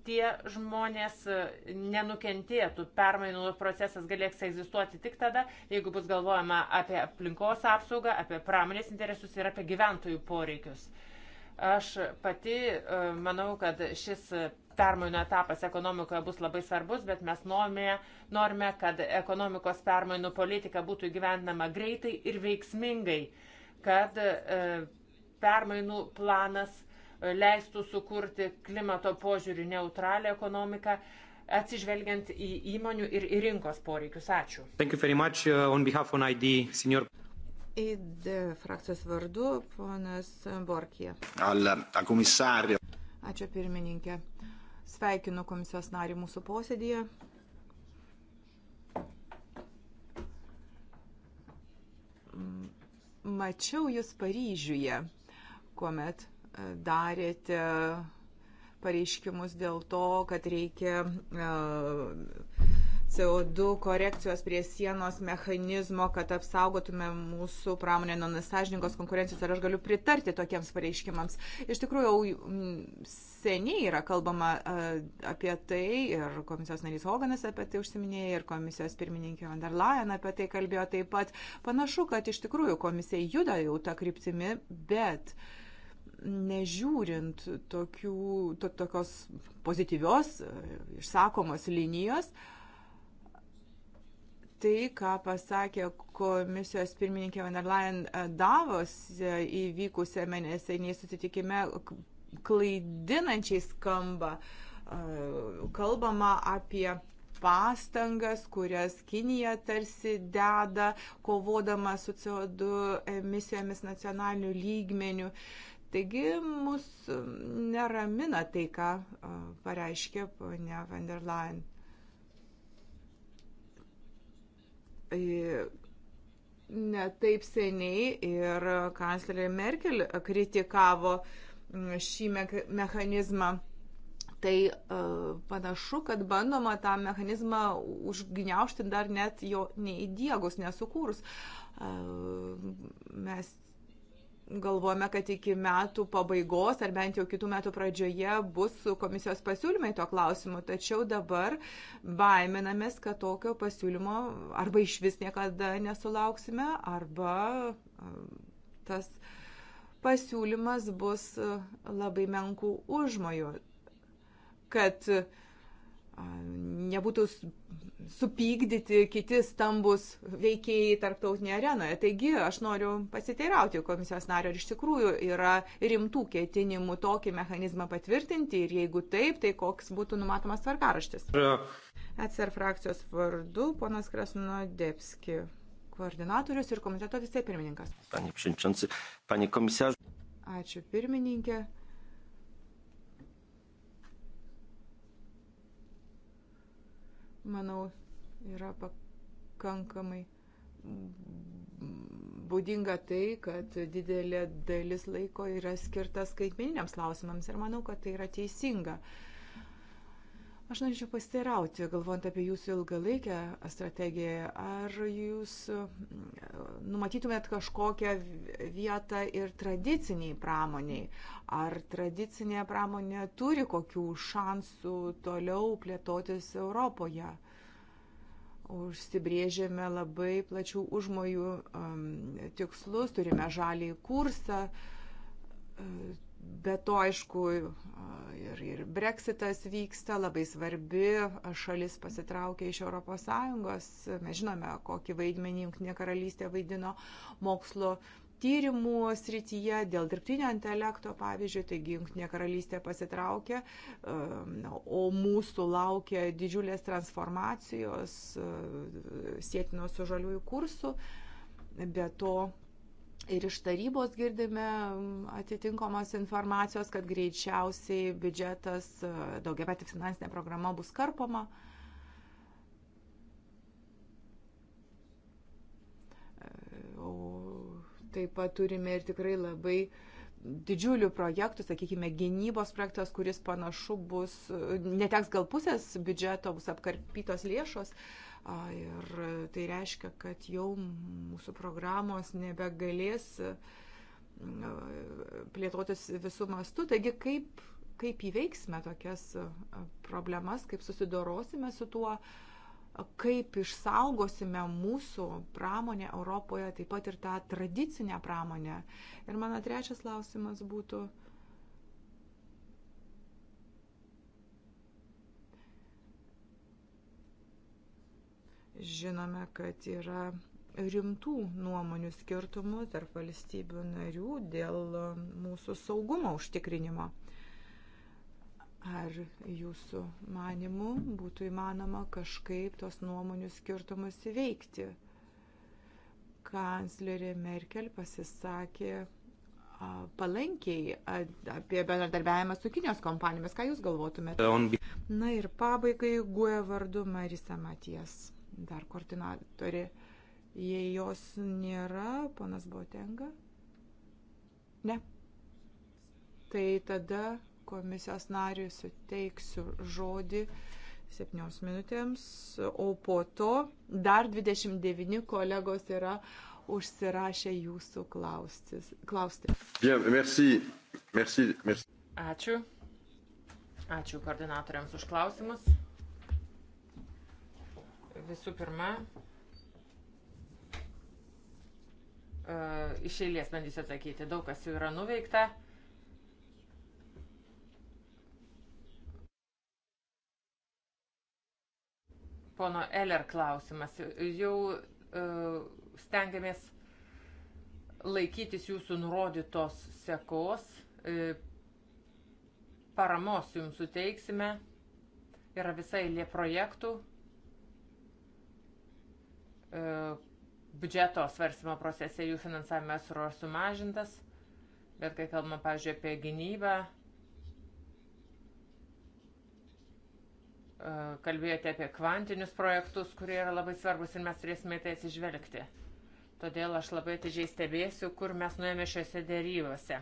tie žmonės e, nenukentėtų. Permainų procesas galės egzistuoti tik tada, jeigu bus galvojama apie aplinkos apsaugą, apie pramonės interesus ir apie gyventojų poreikius. Aš pati e, manau, kad šis permainų etapas ekonomikoje bus labai svarbus, bet mes norime, norime kad ekonomikos permainų politika būtų gyvendama greitai ir veiksmingai, kad e, permainų planas e, leistų sukurti klimato požiūrių neutralią ekonomiką, atsižvelgiant į įmonių ir į rinkos poreikius. Ačiū. Much, uh, ID, senior... ID frakcijos vardu, ponas Borkija. Al, al komisario. Ačiū pirmininkė. Uh, Sveikinu komisijos narį mūsų posėdėje. Mačiau jūs Paryžiuje, kuomet e, darėte pareiškimus dėl to, kad reikia uh, CO2 korekcijos prie sienos mechanizmo, kad apsaugotume mūsų pramonę nuo nesažininkos konkurencijos. Ar aš galiu pritarti tokiems pareiškimams? Iš tikrųjų, jau mm, seniai yra kalbama apie tai ir komisijos narys Hoganas apie tai užsiminėjo ir komisijos pirmininkė Van der Leyen apie tai kalbėjo taip pat. Panašu, kad iš tikrųjų komisija juda jau tą kryptimį, bet nežiūrint tokių, to, tokios pozityvios išsakomos linijos, uh, tai, ką pasakė komisijos pirmininkė Van der Leyen e, Davos e, įvykusiame neseniai susitikime, klaidinančiai skamba. E, kalbama apie pastangas, kurias Kinija tarsi deda, kovodama su CO2 emisijomis nacionaliniu lygmeniu. Taigi mus neramina tai, ką pareiškė ponia van der Leyen. netaip seniai ir kanclerė Merkel kritikavo mm, šį mechanizmą. Tai e, panašu, kad bandoma tą mechanizmą užgniaušti dar net jo neįdėgus, nesukūrus. E, mes galvojame, kad iki metų pabaigos ar bent jau kitų metų pradžioje bus komisijos pasiūlymai to klausimu, tačiau dabar baiminamės, kad tokio pasiūlymo arba iš vis niekada nesulauksime, arba tas pasiūlymas bus labai menkų užmojų, kad nebūtų supykdyti kiti stambus veikėjai tarptautinėje arenoje. Taigi aš noriu pasiteirauti komisijos nario, ar iš tikrųjų yra rimtų ketinimų tokį mechanizmą patvirtinti ir jeigu taip, tai koks būtų numatomas tvarkaraštis. ECR frakcijos vardu ponas Krasnodepski, koordinatorius ir komiteto vicepirmininkas. Ačiū pirmininkė. manau, yra pakankamai būdinga tai, kad didelė dalis laiko yra skirta skaitmeniniams klausimams ir manau, kad tai yra teisinga. Uh, Aš norėčiau pasiteirauti, galvojant apie jūsų ilgalaikę strategiją, ar jūs mm, numatytumėt kažkokią vietą ir tradiciniai pramoniai, ar tradicinė pramonė turi kokių šansų toliau plėtotis Europoje. Užsibrėžėme labai plačių užmojų um, tikslus, turime žalį kursą, Be to, aišku, ir, ir breksitas vyksta, labai svarbi šalis pasitraukia iš ES. Mes žinome, kokį vaidmenį Junktinė karalystė vaidino mokslo tyrimų srityje, dėl dirbtinio intelekto, pavyzdžiui, taigi Junktinė karalystė pasitraukė, o mūsų laukia didžiulės transformacijos sėtinos su žaliųjų kursu. Be to, Ir iš tarybos girdime mm, atitinkamos informacijos, kad greičiausiai biudžetas, e, daugiametė finansinė programa bus karpoma. E, taip pat turime ir tikrai labai didžiulių projektų, sakykime, gynybos projektas, kuris panašu bus, e, neteks gal pusės biudžeto, bus apkarpytos lėšos. Uh, Ir tai reiškia, kad jau mūsų programos nebegalės plėtotis visų mastų. Taigi, kaip, kaip įveiksime tokias problemas, kaip susidorosime su tuo, kaip išsaugosime mūsų pramonę Europoje, taip pat ir tą tradicinę pramonę. Ir mano trečias klausimas būtų Žinome, kad yra rimtų nuomonių skirtumų tarp valstybių narių dėl e, mūsų saugumo užtikrinimo. Ar jūsų manimu būtų įmanoma kažkaip tos nuomonių skirtumus įveikti? Kanclerė Merkel pasisakė palankiai apie bendradarbiavimą su Kinijos kompanijomis. Ką Jūs galvotumėte? Na ir pabaigai guoja vardu Marisa Matijas dar koordinatorė. Jei jos nėra, panas Botenga? Ne. Tai tada komisijos nariui suteiksiu žodį septynioms minutėms, o po to dar 29 kolegos yra užsirašę jūsų klaustis, klausti. Bien, merci. Merci, merci. Ačiū. Ačiū koordinatoriams už klausimus. Visų pirma, e, iš eilės bandysiu atsakyti. Daug kas jau yra nuveikta. Pono Eller klausimas. Jau e, stengiamės laikytis jūsų nurodytos sekos. E, paramos jums suteiksime. Yra visai lie projektų E, biudžeto svarstymo procese jų finansavimas yra sumažintas, bet kai kalbame, pavyzdžiui, apie gynybą, e, kalbėjote apie kvantinius projektus, kurie yra labai svarbus ir mes turėsime į tai atsižvelgti. Todėl aš labai atidžiai stebėsiu, kur mes nuėjome šiuose dėrybose.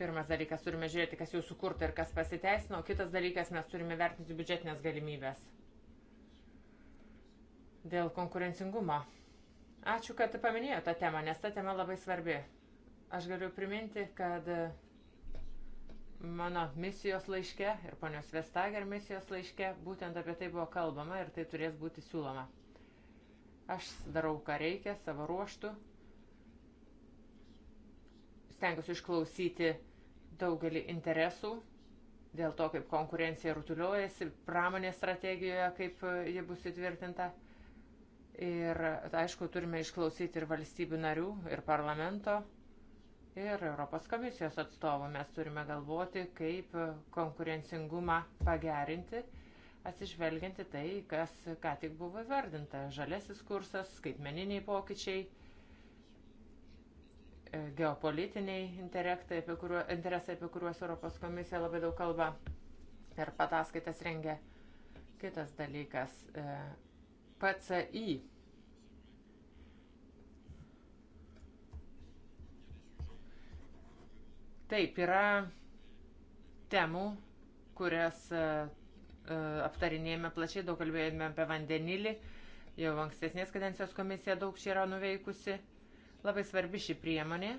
Pirmas dalykas, turime žiūrėti, kas jau sukurta ir kas pasiteisino, o kitas dalykas, mes turime vertinti biudžetinės galimybės dėl konkurencingumo. Ačiū, kad paminėjote tą temą, nes ta tema labai svarbi. Aš galiu priminti, kad e, mano misijos laiške ir ponios Vestager misijos laiške būtent apie tai buvo kalbama ir tai turės būti siūloma. Aš darau, ką reikia, savo ruoštų. Stengiuosi išklausyti daugelį interesų dėl to, kaip konkurencija rutuliuojasi, pramonės strategijoje, kaip e, ji bus įtvirtinta. Ir aišku, turime išklausyti ir valstybių narių, ir parlamento, ir Europos komisijos atstovų. Mes turime galvoti, kaip konkurencingumą pagerinti, atsižvelginti tai, kas ką tik buvo įvardinta. Žalesis kursas, skaitmeniniai pokyčiai, e, geopolitiniai interesai, apie, kuriuo, interesai, apie kuriuos Europos komisija labai daug kalba ir pataskaitas rengia. Kitas dalykas e, PCI. Taip, yra temų, kurias e, e, aptarinėjame plačiai, daug kalbėjome apie vandenilį, jau ankstesnės kadencijos komisija daug čia yra nuveikusi. Labai svarbi ši priemonė.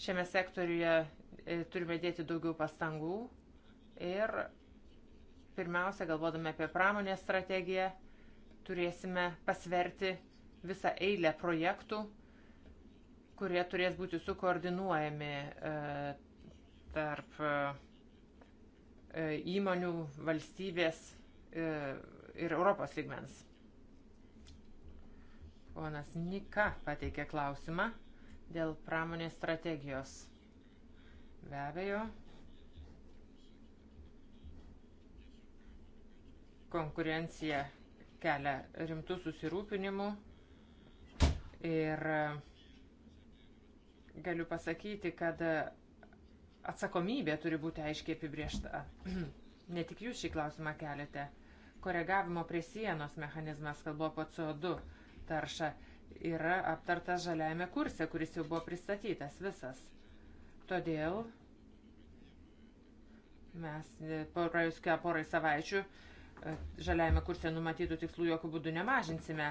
Šiame sektoriuje e, turime dėti daugiau pastangų ir pirmiausia, galvodami apie pramonės strategiją, turėsime pasverti visą eilę projektų, kurie turės būti sukoordinuojami e, tarp e, e, įmonių, valstybės ir Europos lygmens. Ponas Nika pateikė klausimą dėl pramonės strategijos. Be abejo, konkurencija kelia rimtų susirūpinimų ir e, galiu pasakyti, kad e, atsakomybė turi būti aiškiai apibriešta. Ne tik jūs šį klausimą keliate. Koregavimo prie sienos mechanizmas, kalbu apie CO2 taršą, yra aptartas žaliajame kurse, kuris jau buvo pristatytas visas. Todėl mes e, praėjus porai savaičių žaliajame kurse numatytų tikslų jokių būdų nemažinsime.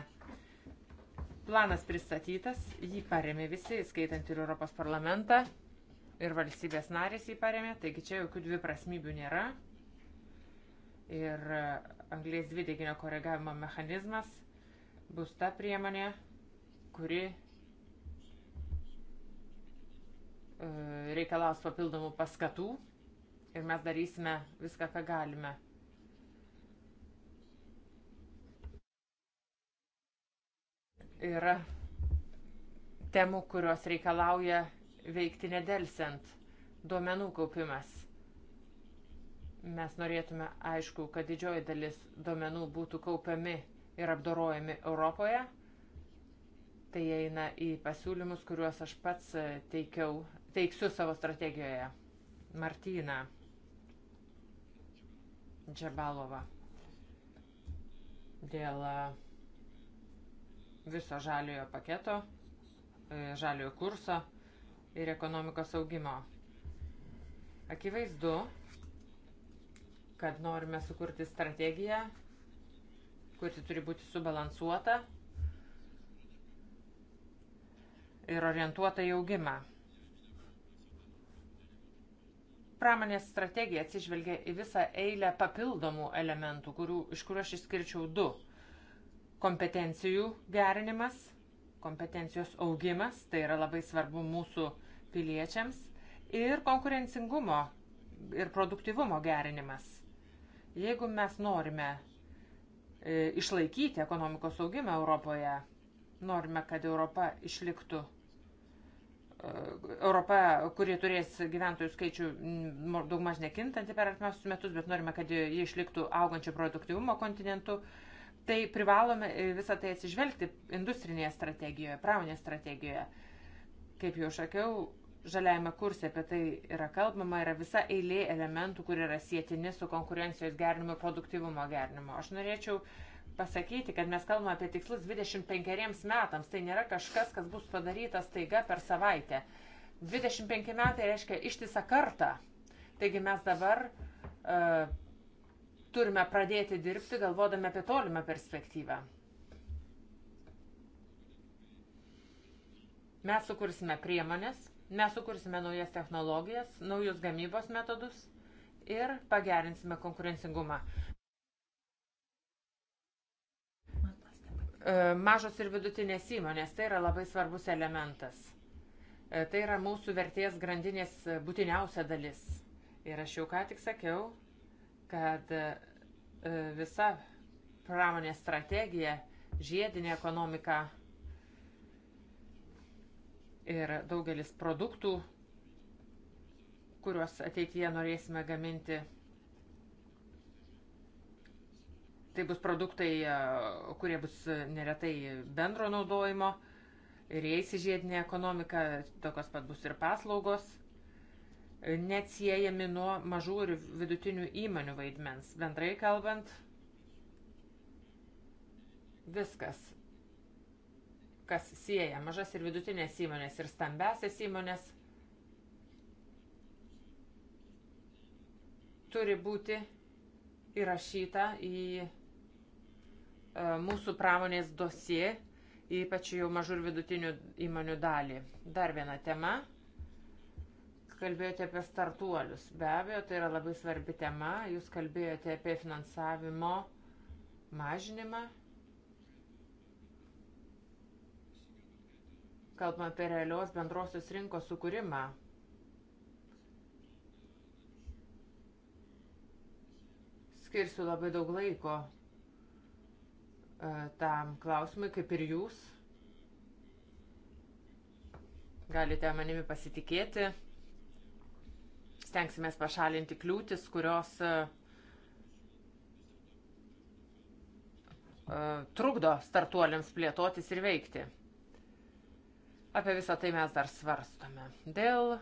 Planas pristatytas, jį paremė visi, skaitant ir Europos parlamentą, ir valstybės narės jį paremė, taigi čia jokių dviprasmybių nėra. Ir e, anglės dvideginio koregavimo mechanizmas bus ta priemonė, kuri e, reikalaus papildomų paskatų ir mes darysime viską, ką galime Yra temų, kurios reikalauja veikti nedelsiant. Duomenų kaupimas. Mes norėtume, aišku, kad didžioji dalis duomenų būtų kaupiami ir apdorojami Europoje. Tai eina į pasiūlymus, kuriuos aš pats e, teikiau, teiksiu savo strategijoje. Martina Džabalova. Dėl uh, viso žaliojo paketo, e, žaliojo kurso ir ekonomikos augimo. Akivaizdu, kad norime sukurti strategiją, kuri turi būti subalansuota ir orientuota į augimą. Pramonės strategija atsižvelgia į visą eilę papildomų elementų, kurių, iš kurių aš išskirčiau du kompetencijų gerinimas, kompetencijos augimas, tai yra labai svarbu mūsų piliečiams, ir konkurencingumo ir produktivumo gerinimas. Jeigu mes norime e, išlaikyti ekonomikos augimą Europoje, norime, kad Europa išliktų e, Europa, kurie turės gyventojų skaičių daug maž nekintantį per artimiausius metus, bet norime, kad jie išliktų augančio produktivumo kontinentu, tai privalome e, visą tai atsižvelgti industrinėje strategijoje, pramonės strategijoje. Kaip jau sakiau, žaliajame kurse apie tai yra kalbama, yra visa eilė elementų, kur yra sėtini su konkurencijos gerinimu ir produktivumo gerinimu. Aš norėčiau pasakyti, kad mes kalbame apie tikslus 25 metams, tai nėra kažkas, kas bus padaryta staiga per savaitę. 25 metai reiškia ištisą kartą. Taigi mes dabar uh, turime pradėti dirbti, galvodami apie tolimą perspektyvą. Mes sukursime priemonės, mes sukursime naujas technologijas, naujus gamybos metodus ir pagerinsime konkurencingumą. E, mažos ir vidutinės įmonės tai yra labai svarbus elementas. E, tai yra mūsų vertės grandinės būtiniausia dalis. Ir aš jau ką tik sakiau, kad e, visa pramonės strategija, žiedinė ekonomika ir daugelis produktų, kuriuos ateityje norėsime gaminti, tai bus produktai, e, kurie bus neretai bendro naudojimo ir jais į žiedinę ekonomiką, tokios pat bus ir paslaugos – neatsiejami nuo mažų ir vidutinių įmonių vaidmens. Bendrai kalbant, viskas, kas sieja mažas ir vidutinės įmonės ir stambesias įmonės, turi būti įrašyta į e, mūsų pramonės dosie, ypač jau mažų ir vidutinių įmonių dalį. Dar viena tema kalbėjote apie startuolius. Be abejo, tai yra labai svarbi tema. Jūs kalbėjote apie finansavimo mažinimą. Kalbame apie realios bendrosios rinkos sukūrimą. Skirsiu labai daug laiko e, tam klausimui, kaip ir jūs. Galite manimi pasitikėti. Stengsime pašalinti kliūtis, kurios e, e, trukdo startuoliams plėtotis ir veikti. Apie visą tai mes dar svarstome. Dėl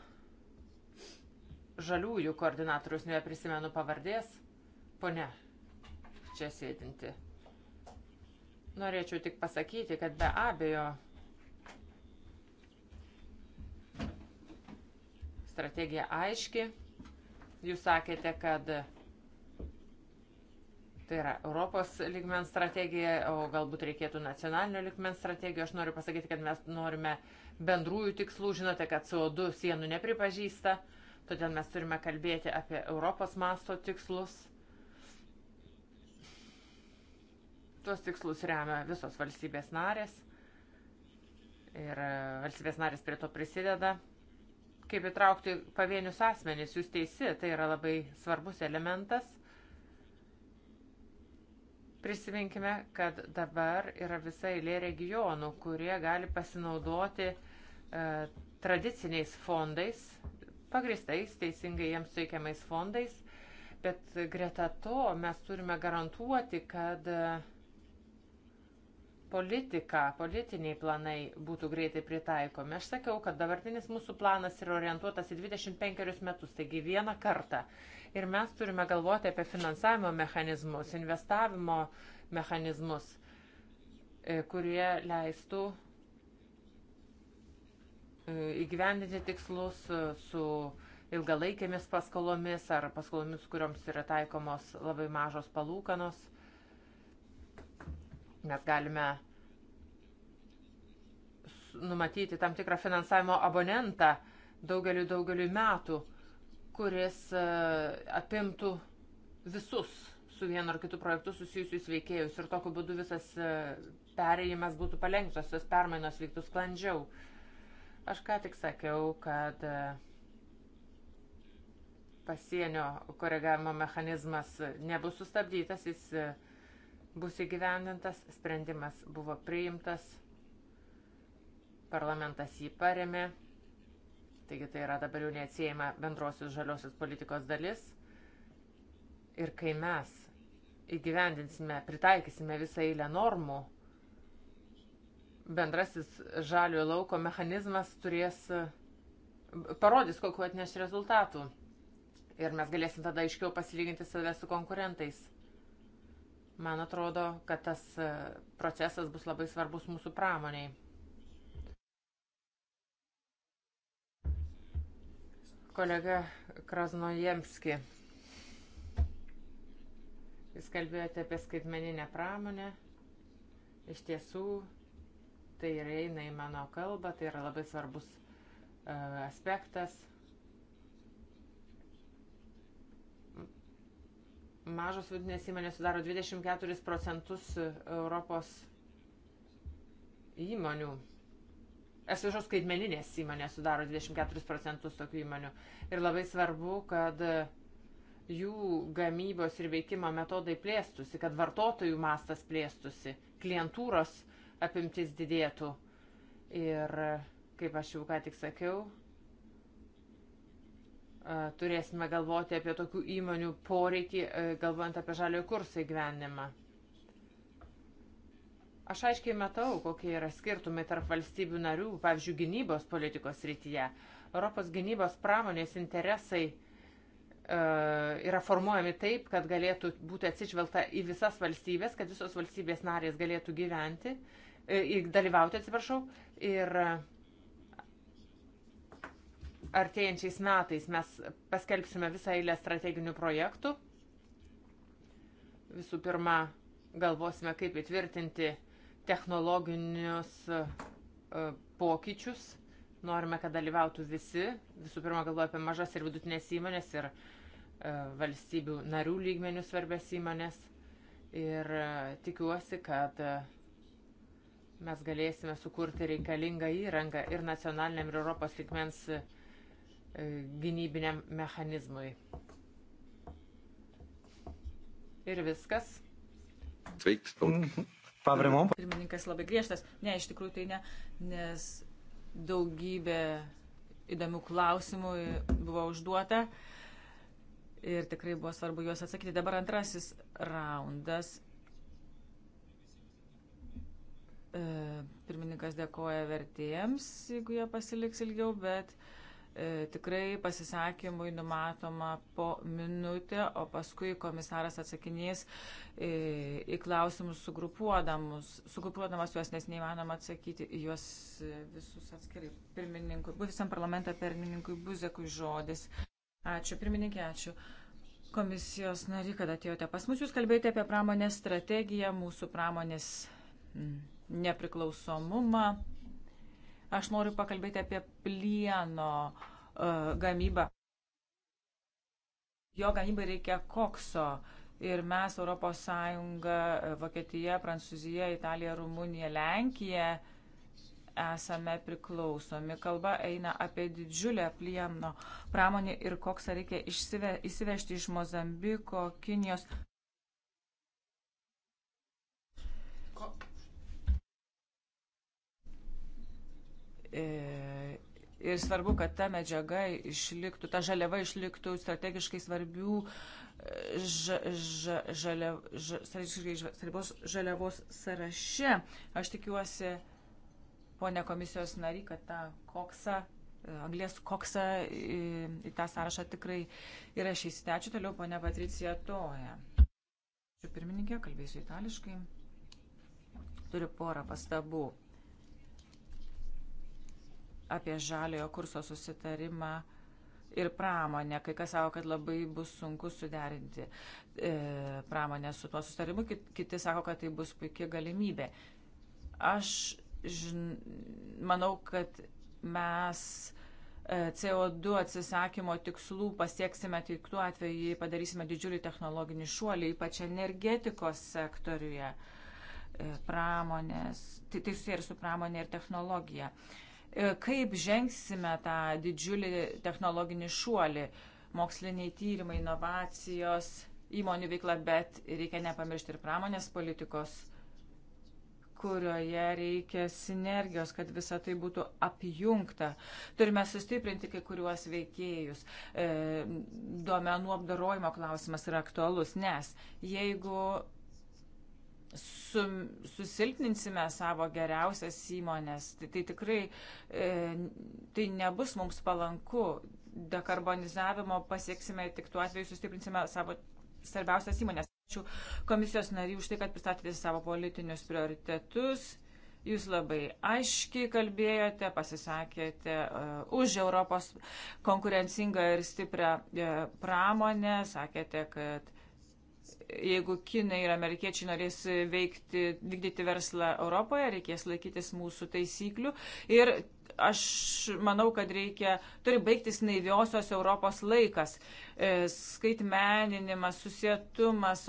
žaliųjų koordinatorius, neprisimenu pavardės, ponia čia sėdinti. Norėčiau tik pasakyti, kad be abejo strategija aiški Jūs sakėte, kad tai yra Europos ligmens strategija, o galbūt reikėtų nacionalinio ligmens strategijų. Aš noriu pasakyti, kad mes norime bendrųjų tikslų. Žinote, kad CO2 sienų nepripažįsta, todėl mes turime kalbėti apie Europos masto tikslus. Tuos tikslus remia visos valstybės narės ir valstybės narės prie to prisideda kaip įtraukti pavienius asmenys. Jūs teisi, tai yra labai svarbus elementas. Prisiminkime, kad dabar yra visa eilė regionų, kurie gali pasinaudoti e, tradiciniais fondais, pagristais, teisingai jiems teikiamais fondais, bet greta to mes turime garantuoti, kad e, politika, politiniai planai būtų greitai pritaikomi. Aš sakiau, kad dabartinis mūsų planas yra orientuotas į 25 metus, taigi vieną kartą. Ir mes turime galvoti apie finansavimo mechanizmus, investavimo mechanizmus, e, kurie leistų e, įgyvendinti tikslus e, su ilgalaikėmis paskolomis ar paskolomis, kuriuoms yra taikomos labai mažos palūkanos. Mes galime numatyti tam tikrą finansavimo abonentą daugeliu, daugeliu metų, kuris e, apimtų visus su vienu ar kitu projektu susijusius veikėjus ir tokiu būdu visas e, perėjimas būtų palengvas, tos permainos vyktų sklandžiau. Aš ką tik sakiau, kad e, pasienio koregavimo mechanizmas nebus sustabdytas, jis bus įgyvendintas, sprendimas buvo priimtas, parlamentas jį paremė, taigi tai yra dabar jau neatsiejama bendrosios žaliosios politikos dalis. Ir kai mes įgyvendinsime, pritaikysime visą eilę normų, bendrasis žaliojo lauko mechanizmas turės, parodys, kokiu atneš rezultatų. Ir mes galėsim tada aiškiau pasilyginti save su konkurentais. Man atrodo, kad tas e, procesas bus labai svarbus mūsų pramoniai. Kolega Krasnojemski, jūs kalbėjote apie skaitmeninę pramonę. Iš tiesų, tai ir eina į mano kalbą, tai yra labai svarbus e, aspektas. mažos vidinės įmonės sudaro 24 procentus e, Europos įmonių. Esu skaitmeninės įmonės sudaro 24 procentus tokių įmonių. Ir labai svarbu, kad e, jų gamybos ir veikimo metodai plėstusi, kad vartotojų mastas plėstusi, klientūros apimtis didėtų. Ir e, kaip aš jau ką tik sakiau, turėsime galvoti apie tokių įmonių poreikį, galvojant apie žaliojo kursą įgyvenimą. Aš aiškiai matau, kokie yra skirtumai tarp valstybių narių, pavyzdžiui, gynybos politikos rytyje. Europos gynybos pramonės interesai e, yra formuojami taip, kad galėtų būti atsižvelgta į visas valstybės, kad visos valstybės narės galėtų gyventi, e, dalyvauti, atsiprašau, ir e, artėjančiais metais mes paskelbsime visą eilę strateginių projektų. Visų pirma, galvosime, kaip įtvirtinti technologinius e, pokyčius. Norime, kad dalyvautų visi. Visų pirma, galvoju apie mažas ir vidutinės įmonės ir e, valstybių narių lygmenių svarbės įmonės. Ir e, tikiuosi, kad mes galėsime sukurti reikalingą įrangą ir nacionaliniam ir Europos lygmens įmonėm E, gynybiniam mechanizmui. Ir viskas. Sveiks. Mhm. Pavrimo. Pirmininkas labai griežtas. Ne, iš tikrųjų tai ne, nes daugybė įdomių klausimų buvo užduota ir tikrai buvo svarbu juos atsakyti. Dabar antrasis raundas. E, pirmininkas dėkoja vertėjams, jeigu jie pasiliks ilgiau, bet uh, E, tikrai pasisakymui numatoma po minutę, o paskui komisaras atsakinės e, į klausimus sugrupuodamas juos, nes neįmanoma atsakyti juos e, visus atskirai. Pirmininkui, buvusiam parlamento pirmininkui Buzekui žodis. Ačiū, pirmininkė, ačiū. Komisijos nari, kad atėjote pas mus, jūs kalbėjote apie pramonės strategiją, mūsų pramonės mm, nepriklausomumą Aš noriu pakalbėti apie plieno uh, gamybą. Jo gamybai reikia kokso. Ir mes, ES, e, Vokietija, Prancūzija, Italija, Rumunija, Lenkija, esame priklausomi. Kalba eina apie didžiulę plieno pramonę ir koksą reikia išsive, įsivežti iš Mozambiko, Kinijos. E, ir svarbu, kad ta medžiaga išliktų, ta žaliava išliktų strategiškai svarbių ž, ž, žaliav, ž, svarbios žaliavos sąraše. Aš tikiuosi, ponė komisijos nari, kad tą koksą, e, anglės koksą į, į tą sąrašą tikrai įrašysite. Ačiū toliau, ponė Patricija Toja. Ačiū pirmininkė, kalbėsiu itališkai. Turiu porą pastabų apie žaliojo kurso susitarimą ir pramonę. Kai kas savo, kad labai bus sunku suderinti e, pramonę su tuo sustarimu, kiti sako, kad tai bus puikia galimybė. Aš žin, manau, kad mes e, CO2 atsisakymo tikslų pasieksime tik tuo atveju, jei padarysime didžiulį technologinį šuolį, ypač energetikos sektoriuje, e, pramonės, tai, tai susiję ir su pramonė ir technologija. E, E, kaip žengsime tą didžiulį technologinį šuolį. Moksliniai tyrimai, inovacijos, įmonių veikla, bet reikia nepamiršti ir pramonės politikos, kurioje reikia sinergijos, kad visa tai būtų apjungta. Turime sustiprinti kai kuriuos veikėjus. E, duomenų apdarojimo klausimas yra aktualus, nes jeigu su, susilpninsime savo geriausias įmonės, tai, tai tikrai e, tai nebus mums palanku. Dekarbonizavimo pasieksime tik tuo atveju sustiprinsime savo svarbiausias įmonės. Ačiū komisijos nariai už tai, kad pristatėte savo politinius prioritetus. Jūs labai aiškiai kalbėjote, pasisakėte uh, už Europos konkurencingą ir stiprią uh, pramonę, sakėte, kad jeigu kinai ir amerikiečiai norės veikti, vykdyti verslą Europoje, reikės laikytis mūsų taisyklių. Ir aš manau, kad reikia, turi baigtis naiviosios Europos laikas. E, skaitmeninimas, susietumas,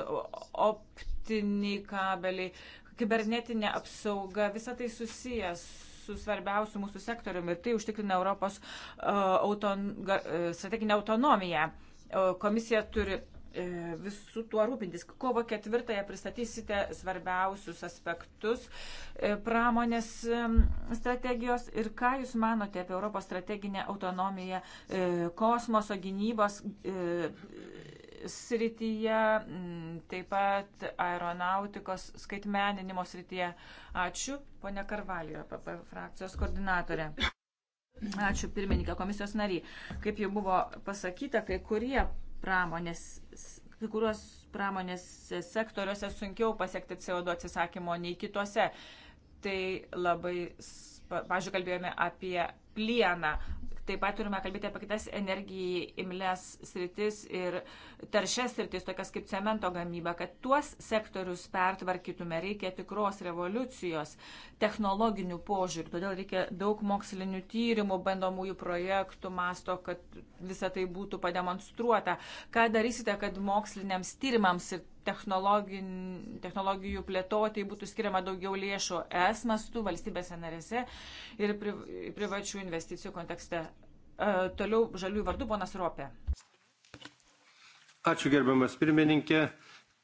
optiniai kabeliai, kibernetinė apsauga, visa tai susijęs su svarbiausiu mūsų sektoriumi ir tai užtikrina Europos uh, auton, uh, strateginę autonomiją. Uh, komisija turi E, visų tuo rūpintis. Kovo ketvirtąją pristatysite svarbiausius aspektus e, pramonės e, strategijos ir ką Jūs manote apie Europos strateginę autonomiją kosmoso gynybos srityje, taip pat aeronautikos skaitmeninimo srityje. Ačiū, ponia Karvalijo, frakcijos koordinatorė. Ačiū pirmininkė komisijos nariai. Kaip jau buvo pasakyta, kai kurie pramonės, kai kuriuos pramonės sektoriuose sunkiau pasiekti CO2 atsisakymo nei kitose. Tai labai, pažiūrėjau, kalbėjome apie plieną. Taip pat turime kalbėti apie kitas energijai imles sritis ir taršias sritis, tokias kaip cemento gamyba, kad tuos sektorius pertvarkytume. Reikia tikros revoliucijos technologinių požiūrių. Todėl reikia daug mokslinių tyrimų, bandomųjų projektų, masto, kad visa tai būtų pademonstruota. Ką darysite, kad moksliniams tyrimams ir technologijų plėtotai būtų skiriama daugiau lėšų es mastų valstybėse narėse ir privačių investicijų kontekste. E, toliau žaliųjų vardu ponas Ropė. Ačiū gerbiamas pirmininkė,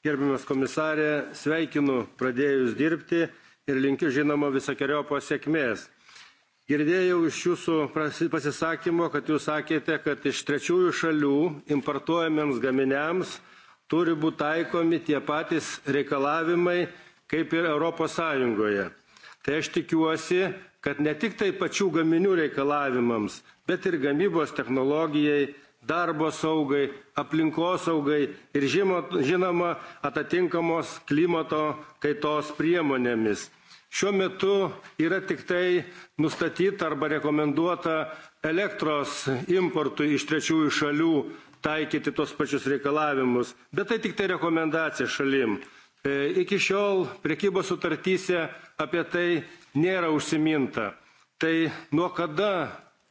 gerbiamas komisarė, sveikinu pradėjus dirbti ir linkiu žinoma visokiojo sėkmės. Girdėjau iš jūsų pasisakymo, kad jūs sakėte, kad iš trečiųjų šalių importuojamiems gaminiams turi būti taikomi tie patys reikalavimai kaip ir Europos Sąjungoje. Tai aš tikiuosi, kad ne tik tai pačių gaminių reikalavimams, bet ir gamybos technologijai, darbo saugai, aplinkosaugai ir žinoma atitinkamos klimato kaitos priemonėmis. Šiuo metu yra tik tai nustatyta arba rekomenduota elektros importui iš trečiųjų šalių taikyti tos pačius reikalavimus, bet tai tik tai rekomendacija šalim. E, iki šiol priekybos sutartyse apie tai nėra užsiminta. Tai nuo kada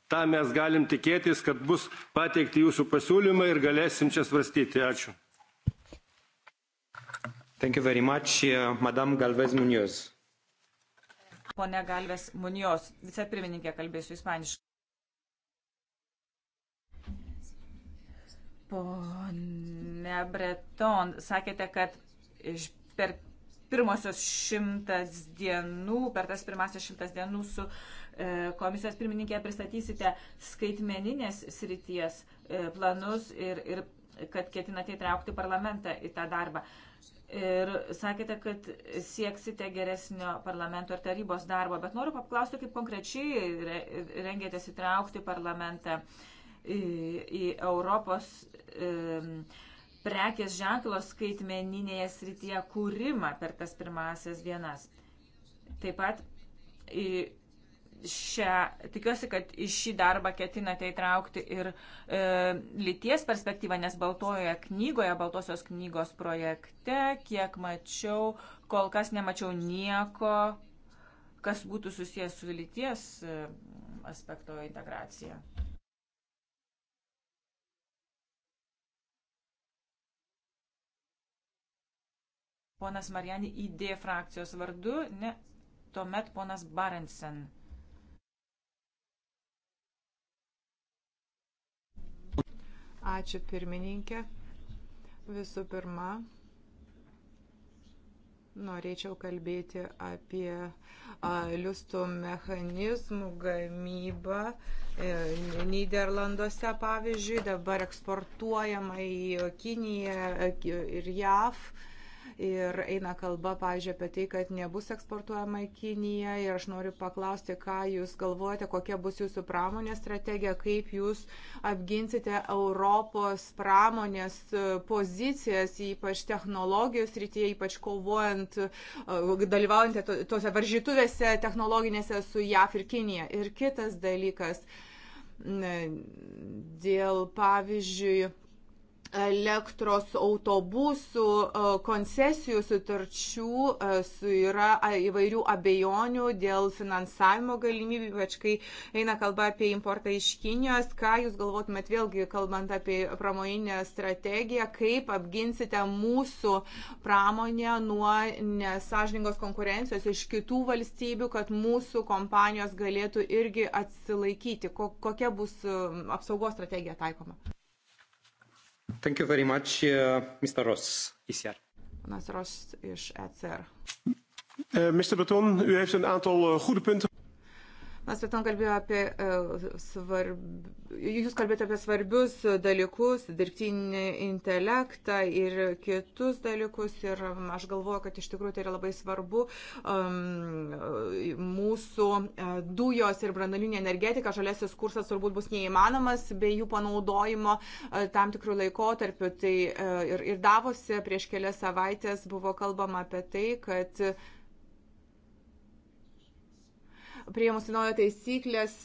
tą mes galim tikėtis, kad bus pateikti jūsų pasiūlymai ir galėsim čia svarstyti. Ačiū. Thank you very much, uh, Madame Galvez Munoz. Pone Galvez Munoz, vicepirmininkė, kalbėsiu ispaniškai. Pone Breton, sakėte, kad per pirmosios šimtas dienų, per tas pirmasis šimtas dienų su e, komisijos pirmininkė pristatysite skaitmeninės srities e, planus ir, ir kad ketinate įtraukti parlamentą į tą darbą. Ir sakėte, kad sieksite geresnio parlamento ir tarybos darbo, bet noriu paklausti, kaip konkrečiai rengėtės įtraukti parlamentą. Uh, į Europos prekės ženklo skaitmeninėje srityje kūrimą per tas pirmasias dienas. Taip pat šią, tikiuosi, kad į šį darbą ketinate įtraukti ir e, lyties perspektyvą, nes Baltojoje knygoje, Baltosios knygos projekte, kiek mačiau, kol kas nemačiau nieko, kas būtų susijęs su lyties aspekto integracija. Ponas Marijani ID frakcijos vardu, ne, tuomet ponas Barensen. Ačiū pirmininkė. Visų pirma, norėčiau kalbėti apie liustų mechanizmų gamybą. E, Niderlanduose, pavyzdžiui, dabar eksportuojama į Kiniją e, ir JAV ir eina kalba, pavyzdžiui, apie tai, kad nebus eksportuojama į Kiniją ir aš noriu paklausti, ką jūs galvojate, kokia bus jūsų pramonės strategija, kaip jūs apginsite Europos pramonės e, pozicijas, ypač technologijos rytyje, ypač kovojant, e, dalyvaujant tose varžytuvėse technologinėse su JAF ir Kinija. Ir kitas dalykas dėl, pavyzdžiui, elektros autobusų e, koncesijų sutarčių e, su yra įvairių abejonių dėl finansavimo galimybių, ypač kai eina kalba apie importą iš Kinijos. Ką Jūs galvotumėt vėlgi, kalbant apie pramoninę strategiją, kaip apginsite mūsų pramonę nuo nesažningos konkurencijos iš kitų valstybių, kad mūsų kompanijos galėtų irgi atsilaikyti? Kokia bus e, apsaugos strategija taikoma? Thank you very much, uh, Mr. Ross, ICR. E Panas Ross iš ECR. Uh, eh, Mr. Breton, u heeft een aantal uh, goede punten. Mes Svetlana kalbėjo apie e, svarb... jūs kalbėjote apie svarbius dalykus, dirbtinį intelektą ir kitus dalykus. Ir aš galvoju, kad iš tikrųjų tai yra labai svarbu um, mūsų e, dujos ir brandalinė energetika. Žalėsis kursas turbūt bus neįmanomas be jų panaudojimo e, tam tikrų laikotarpių. Tai ir, ir davosi prieš kelias savaitės buvo kalbama apie tai, kad prieimus į naują taisyklės,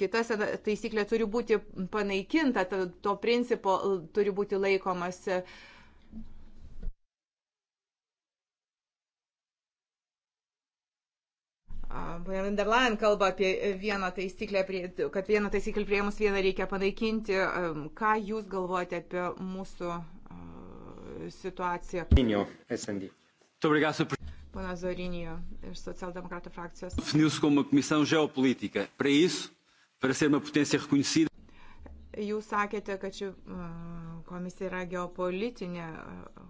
kitas taisyklė turi būti panaikinta, to principo turi būti laikomasi. Pane Linderlain kalba apie vieną taisyklę, kad vieną taisyklę prieimus vieną reikia panaikinti. Ką Jūs galvojate apie mūsų situaciją? Minio, SND. Pana Zorinio iš Socialdemokratų frakcijos. Definiu-se como uma comissão geopolítica. Para isso, para ser uma potência reconhecida. Jūs sakėte, kad ši uh, komisija yra geopolitinė uh,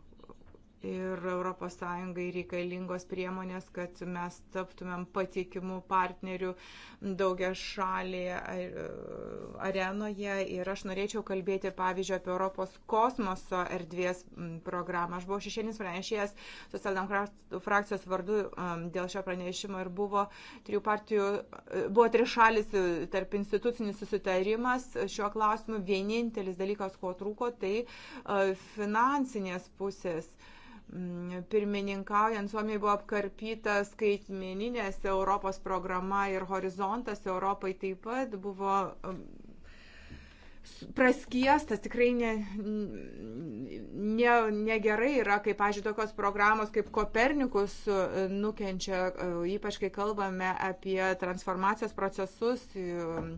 ir ES reikalingos priemonės, kad mes taptumėm patikimų partnerių daugia šalėje arenoje. Ir aš norėčiau kalbėti, pavyzdžiui, apie Europos kosmoso erdvės programą. Aš buvau šešienis pranešėjas socialdemokratų frakcijos vardu dėl šio pranešimo ir buvo trijų partijų, buvo trišalis e, tarp institucinis susitarimas šiuo klausimu. Vienintelis dalykas, ko trūko, tai finansinės pusės. Uh, pirmininkaujant Suomijai buvo apkarpyta skaitmeninės Europos programa ir horizontas Europai taip pat buvo um, praskiestas, tikrai ne, ne, negerai yra, kaip, pažiūrėjau, tokios programos kaip Kopernikus uh, nukenčia, uh, ypač kai kalbame apie transformacijos procesus um,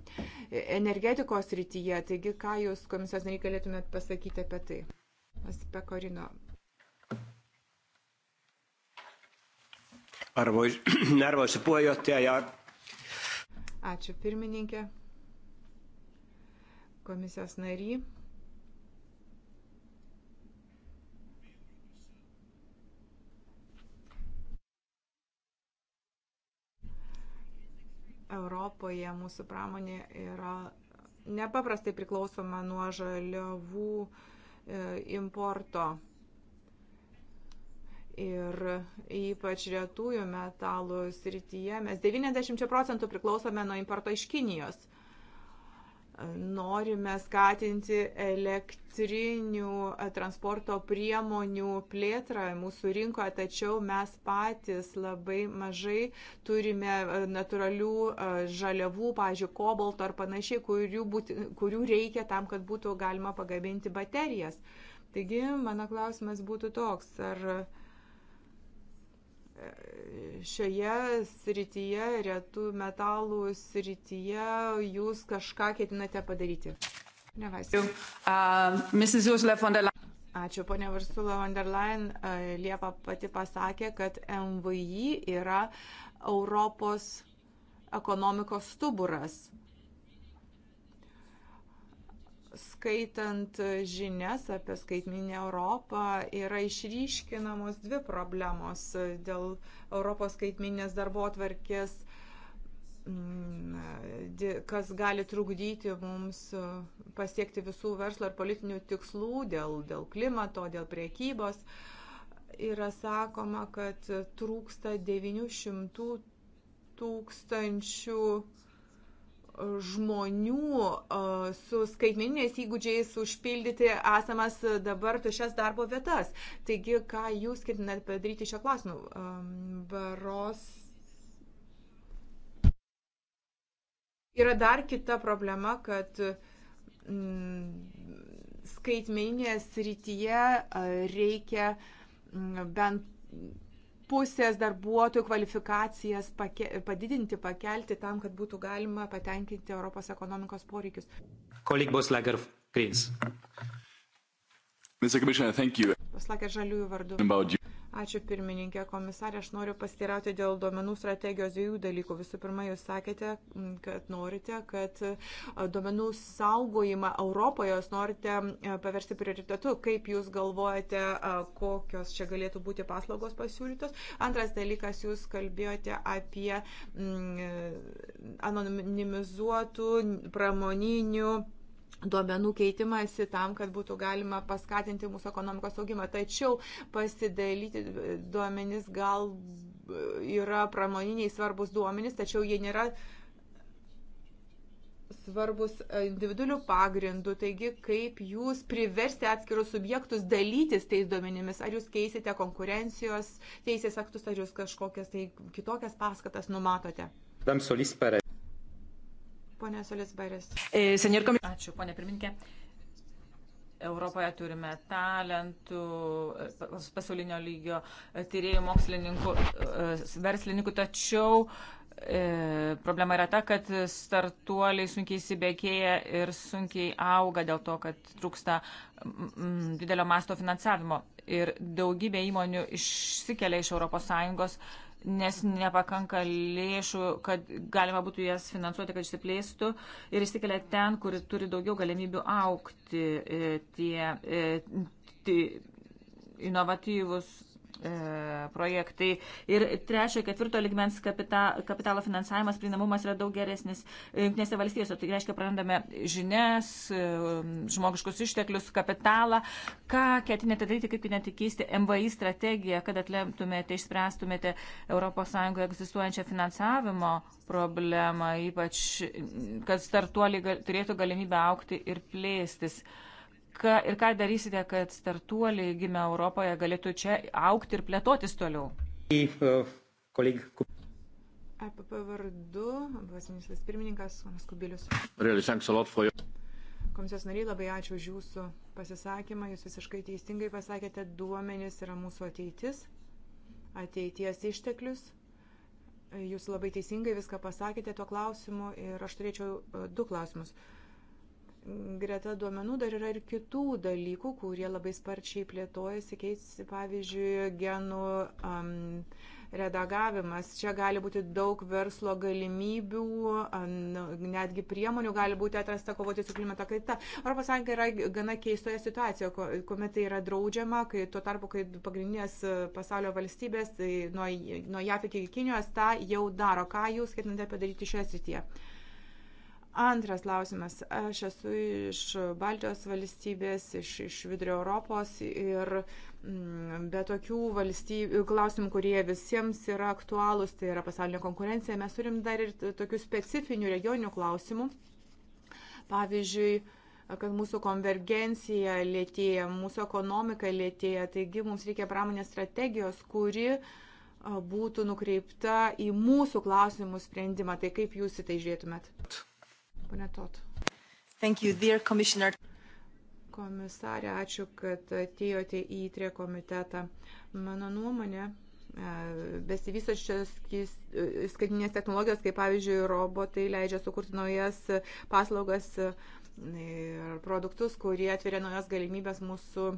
energetikos rytyje. Taigi, ką Jūs, komisijos nariai, galėtumėt pasakyti apie tai? Aspekorino. Arvoisa puheenjohtaja ja... Ačiū pirmininkė, komisijos nary. Europoje mūsų pramonė yra nepaprastai priklausoma nuo žaliavų e, importo. Ir ypač retųjų metalų srityje mes 90 procentų priklausome nuo importo iš Kinijos. Norime skatinti elektrinių e, transporto priemonių plėtrą mūsų rinkoje, tačiau mes patys labai mažai turime e, natūralių e, žaliavų, pavyzdžiui, kobalto ar panašiai, kurių, būti, kurių reikia tam, kad būtų galima pagaminti baterijas. Taigi, mano klausimas būtų toks, ar šioje srityje, retų metalų srityje, jūs kažką ketinate padaryti. Nevaisiu. Ačiū, ponia Varsula von der Leyen. Uh, Liepa pati pasakė, kad MVI yra Europos ekonomikos stuburas skaitant žinias apie skaitminę Europą, yra išryškinamos dvi problemos dėl Europos skaitminės darbo atvarkės, mm, kas gali trukdyti mums pasiekti visų verslo ir politinių tikslų dėl, dėl klimato, dėl priekybos. Yra sakoma, kad trūksta 900 tūkstančių žmonių su skaitmeniniais įgūdžiais užpildyti esamas dabar tušias darbo vietas. Taigi, ką jūs ketinat padaryti šio klausimu? Baros. Yra dar kita problema, kad mm, skaitmeninėje srityje reikia mm, bent pusės darbuotojų kvalifikacijas pake, padidinti, pakelti tam, kad būtų galima patenkinti Europos ekonomikos poreikius. Kolik bus Lager Grins. Mr. Commissioner, thank you. Bus Lager žaliųjų vardu. Ačiū pirmininkė komisarė, aš noriu pasirauti dėl duomenų strategijos dviejų dalykų. Visų pirma, jūs sakėte, kad norite, kad duomenų saugojimą Europoje jūs norite paversti prioritetu. Kaip jūs galvojate, kokios čia galėtų būti paslaugos pasiūlytos? Antras dalykas, jūs kalbėjote apie anonimizuotų pramoninių duomenų keitimąsi tam, kad būtų galima paskatinti mūsų ekonomikos augimą. Tačiau pasidalyti duomenys gal yra pramoniniai svarbus duomenys, tačiau jie nėra svarbus individualių pagrindų, taigi kaip jūs priversti atskirus subjektus dalytis tais duomenimis, ar jūs keisite konkurencijos teisės aktus, ar jūs kažkokias tai kitokias paskatas numatote. Pone Solis Baris. E, Ačiū, ponė pirminkė. Europoje turime talentų, e, pasaulinio lygio e, tyriejų mokslininkų, verslininkų, tačiau e, problema yra ta, kad startuoliai sunkiai įsibėgėja ir sunkiai auga dėl to, kad trūksta mm, didelio masto finansavimo. Ir daugybė įmonių išsikelia iš ES nes nepakanka lėšų, kad galima būtų jas finansuoti, kad išsiplėstų ir išsikelia ten, kur turi daugiau galimybių aukti e, tie, e, tie inovatyvus E, projektai. Ir trečio, ketvirto ligmens kapita, kapitalo finansavimas, prieinamumas yra daug geresnis. Junktinėse valstijose tai reiškia prarandame žinias, e, žmogiškus išteklius, kapitalą. Ką ketinėte daryti, kaip ketinėte keisti MVI strategiją, kad atlemtumėte, išspręstumėte ES egzistuojančią finansavimo problemą, ypač kad startuoliai turėtų galimybę aukti ir plėstis. Uh, ką, ir ką darysite, kad startuoliai gimę Europoje galėtų čia aukti ir plėtotis toliau? E, APP vardu, vasministras pirmininkas, Onas Kubilius. Komisijos nariai, labai ačiū už jūsų pasisakymą. Jūs visiškai teisingai pasakėte, duomenys yra mūsų ateitis, ateities išteklius. Jūs labai teisingai viską pasakėte tuo klausimu ir aš turėčiau e, du klausimus greta duomenų dar yra ir kitų dalykų, kurie labai sparčiai plėtojasi, keičiasi, pavyzdžiui, genų um, redagavimas. Čia gali būti daug verslo galimybių, um, netgi priemonių gali būti atrasta kovoti su klimato kaita. Europos Sąjunga yra gana keistoje situacijoje, kuomet tai yra draudžiama, kai tuo tarpu, kai pagrindinės e, pasaulio valstybės, tai nuo, nuo JAF iki Kinijos, tą jau daro. Ką jūs ketinate padaryti šioje srityje? Antras klausimas. Aš esu iš Baltijos valstybės, iš, iš Vidurio Europos ir mm, be tokių valstybių, klausimų, kurie visiems yra aktualūs, tai yra pasaulinė konkurencija, mes turim dar ir tokių specifinių regioninių klausimų. Pavyzdžiui, kad mūsų konvergencija lėtėja, mūsų ekonomika lėtėja, taigi mums reikia pramonės strategijos, kuri būtų nukreipta į mūsų klausimų sprendimą. Tai kaip jūs į tai žiūrėtumėt? Pone Tot. Thank you, dear commissioner. Komisarė, ačiū, kad atėjote į įtrė komitetą. Mano nuomonė, e, besivysačios skaitinės e, technologijos, kaip pavyzdžiui, robotai leidžia sukurti naujas paslaugas e, ir produktus, kurie atveria naujas galimybės mūsų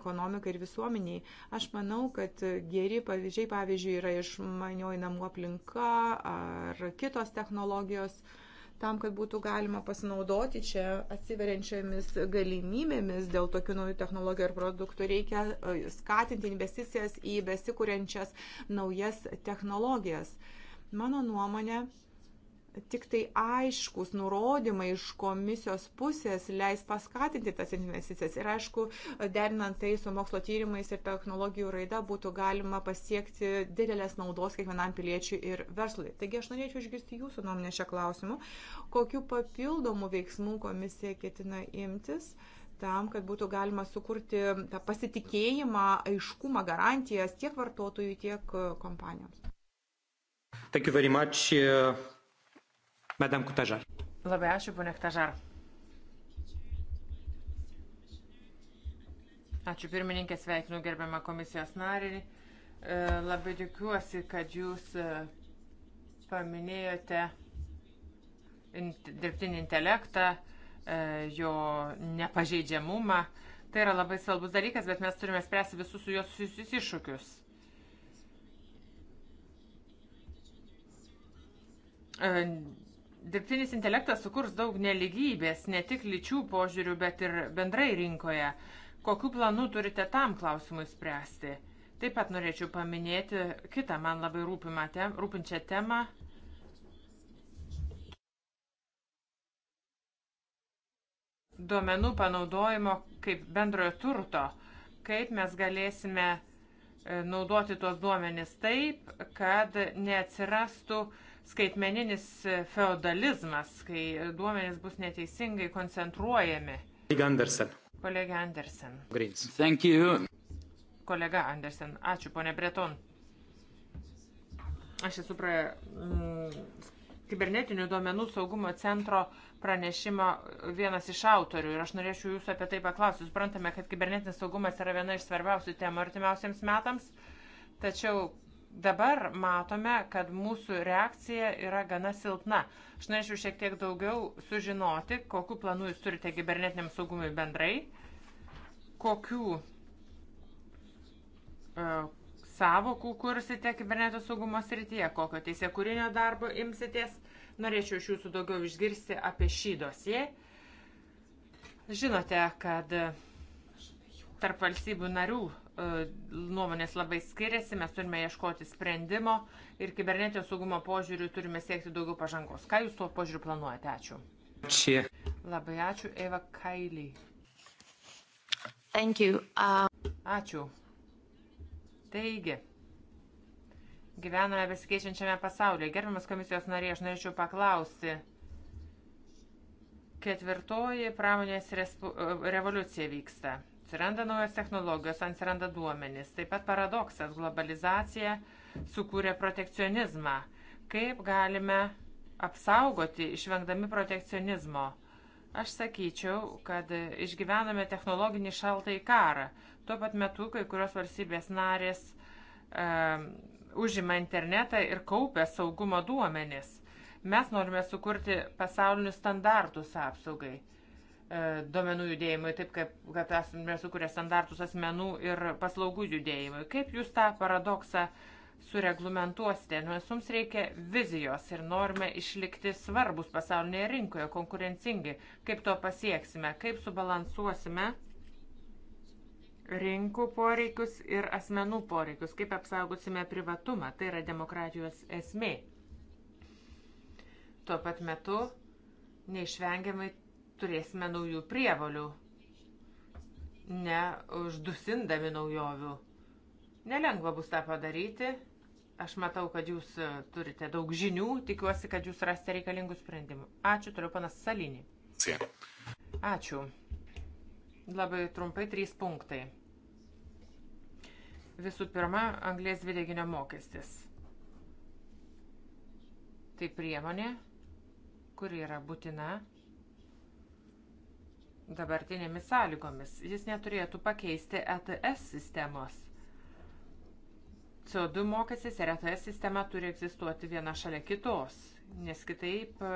ekonomikai ir visuomeniai. Aš manau, kad geri pavyzdžiai, pavyzdžiui, yra išmanioji namų aplinka ar kitos technologijos. Uh, tam, kad būtų galima pasinaudoti čia atsiveriančiamis galimybėmis dėl tokių naujų technologijų ir produktų, reikia e, skatinti investicijas į besikūrenčias naujas technologijas. Mano nuomonė, tik tai aiškus nurodymai iš komisijos pusės leis paskatinti tas investicijas. Ir aišku, derinant tai su mokslo tyrimais ir technologijų raida būtų galima pasiekti didelės naudos kiekvienam piliečiui ir verslui. Taigi aš norėčiau išgirsti jūsų nuomonę šią klausimą. Kokiu papildomu veiksmu komisija ketina imtis? tam, kad būtų galima sukurti tą pasitikėjimą, aiškumą, garantijas tiek vartotojų, tiek kompanijoms. Thank you very much. Uh... Madame Kutažar. Labai ačiū, ponė Kutažar. Ačiū pirmininkė, sveikinu gerbiamą komisijos narį. E, labai džiaugiuosi, kad jūs e, paminėjote dirbtinį intelektą, e, jo nepažeidžiamumą. Tai yra labai svarbus dalykas, bet mes turime spręsti visus su juo susijusius iššūkius. Dirbtinis intelektas sukurs daug neligybės, ne tik lyčių požiūrių, bet ir bendrai rinkoje. Kokiu planu turite tam klausimui spręsti? Taip pat norėčiau paminėti kitą man labai tem, rūpinčią temą. Duomenų panaudojimo kaip bendrojo turto. Kaip mes galėsime e, naudoti tuos duomenis taip, kad neatsirastų uh, skaitmeninis feudalizmas, kai duomenys bus neteisingai koncentruojami. Kolega Andersen. Kolega Andersen. Greens. Thank you. Kolega Andersen. Ačiū, ponė Breton. Aš esu prie mm, kibernetinių duomenų saugumo centro pranešimo vienas iš autorių ir aš norėčiau jūsų apie tai paklausti. Suprantame, kad kibernetinis saugumas yra viena iš svarbiausių temų artimiausiems metams, tačiau dabar matome, kad mūsų reakcija yra gana silpna. Aš norėčiau šiek tiek daugiau sužinoti, kokiu planu jūs turite kibernetiniam saugumui bendrai, kokiu uh, savokų kursite kiberneto saugumo srityje, kokio teisėkūrinio darbo imsitės. Norėčiau iš jūsų daugiau išgirsti apie šį dosiją. Žinote, kad tarp valstybių narių nuomonės labai skiriasi, mes turime ieškoti sprendimo ir kibernetinio saugumo požiūrių turime siekti daugiau pažangos. Ką jūs tuo požiūriu planuojate? Ačiū. Čia. Labai ačiū, Eva Kailiai. Thank you. Um... Ačiū. Taigi, gyvename besikeičiančiame pasaulyje. Gerbiamas komisijos narė, aš norėčiau paklausti. Ketvirtoji pramonės revoliucija vyksta Atsiranda naujos technologijos, atsiranda duomenys. Taip pat paradoksas - globalizacija sukūrė protekcionizmą. Kaip galime apsaugoti, išvengdami protekcionizmo? Aš sakyčiau, kad išgyvename technologinį šaltąjį karą. Tuo pat metu kai kurios valstybės narės e, užima internetą ir kaupia saugumo duomenis. Mes norime sukurti pasaulinius standartus apsaugai. E, duomenų judėjimui, taip kaip, kad esame sukūrę standartus asmenų ir paslaugų judėjimui. Kaip jūs tą paradoksą sureglamentuosite? Nu, nes mums reikia vizijos ir norime išlikti svarbus pasaulinėje rinkoje, konkurencingi. Kaip to pasieksime? Kaip subalansuosime rinkų poreikius ir asmenų poreikius? Kaip apsaugosime privatumą? Tai yra demokratijos esmė. Tuo pat metu neišvengiamai turėsime naujų prievalių, neuždusindami naujovių. Nelengva bus tą padaryti. Aš matau, kad jūs e, turite daug žinių, tikiuosi, kad jūs rasite reikalingų sprendimų. Ačiū, turiu panas Salinį. Ačiū. Labai trumpai trys punktai. Visų pirma, anglės dvideginio mokestis. Tai priemonė, kuri yra būtina dabartinėmis sąlygomis. Jis neturėtų pakeisti ETS sistemos. CO2 mokestis ir ETS sistema turi egzistuoti viena šalia kitos, nes kitaip, e,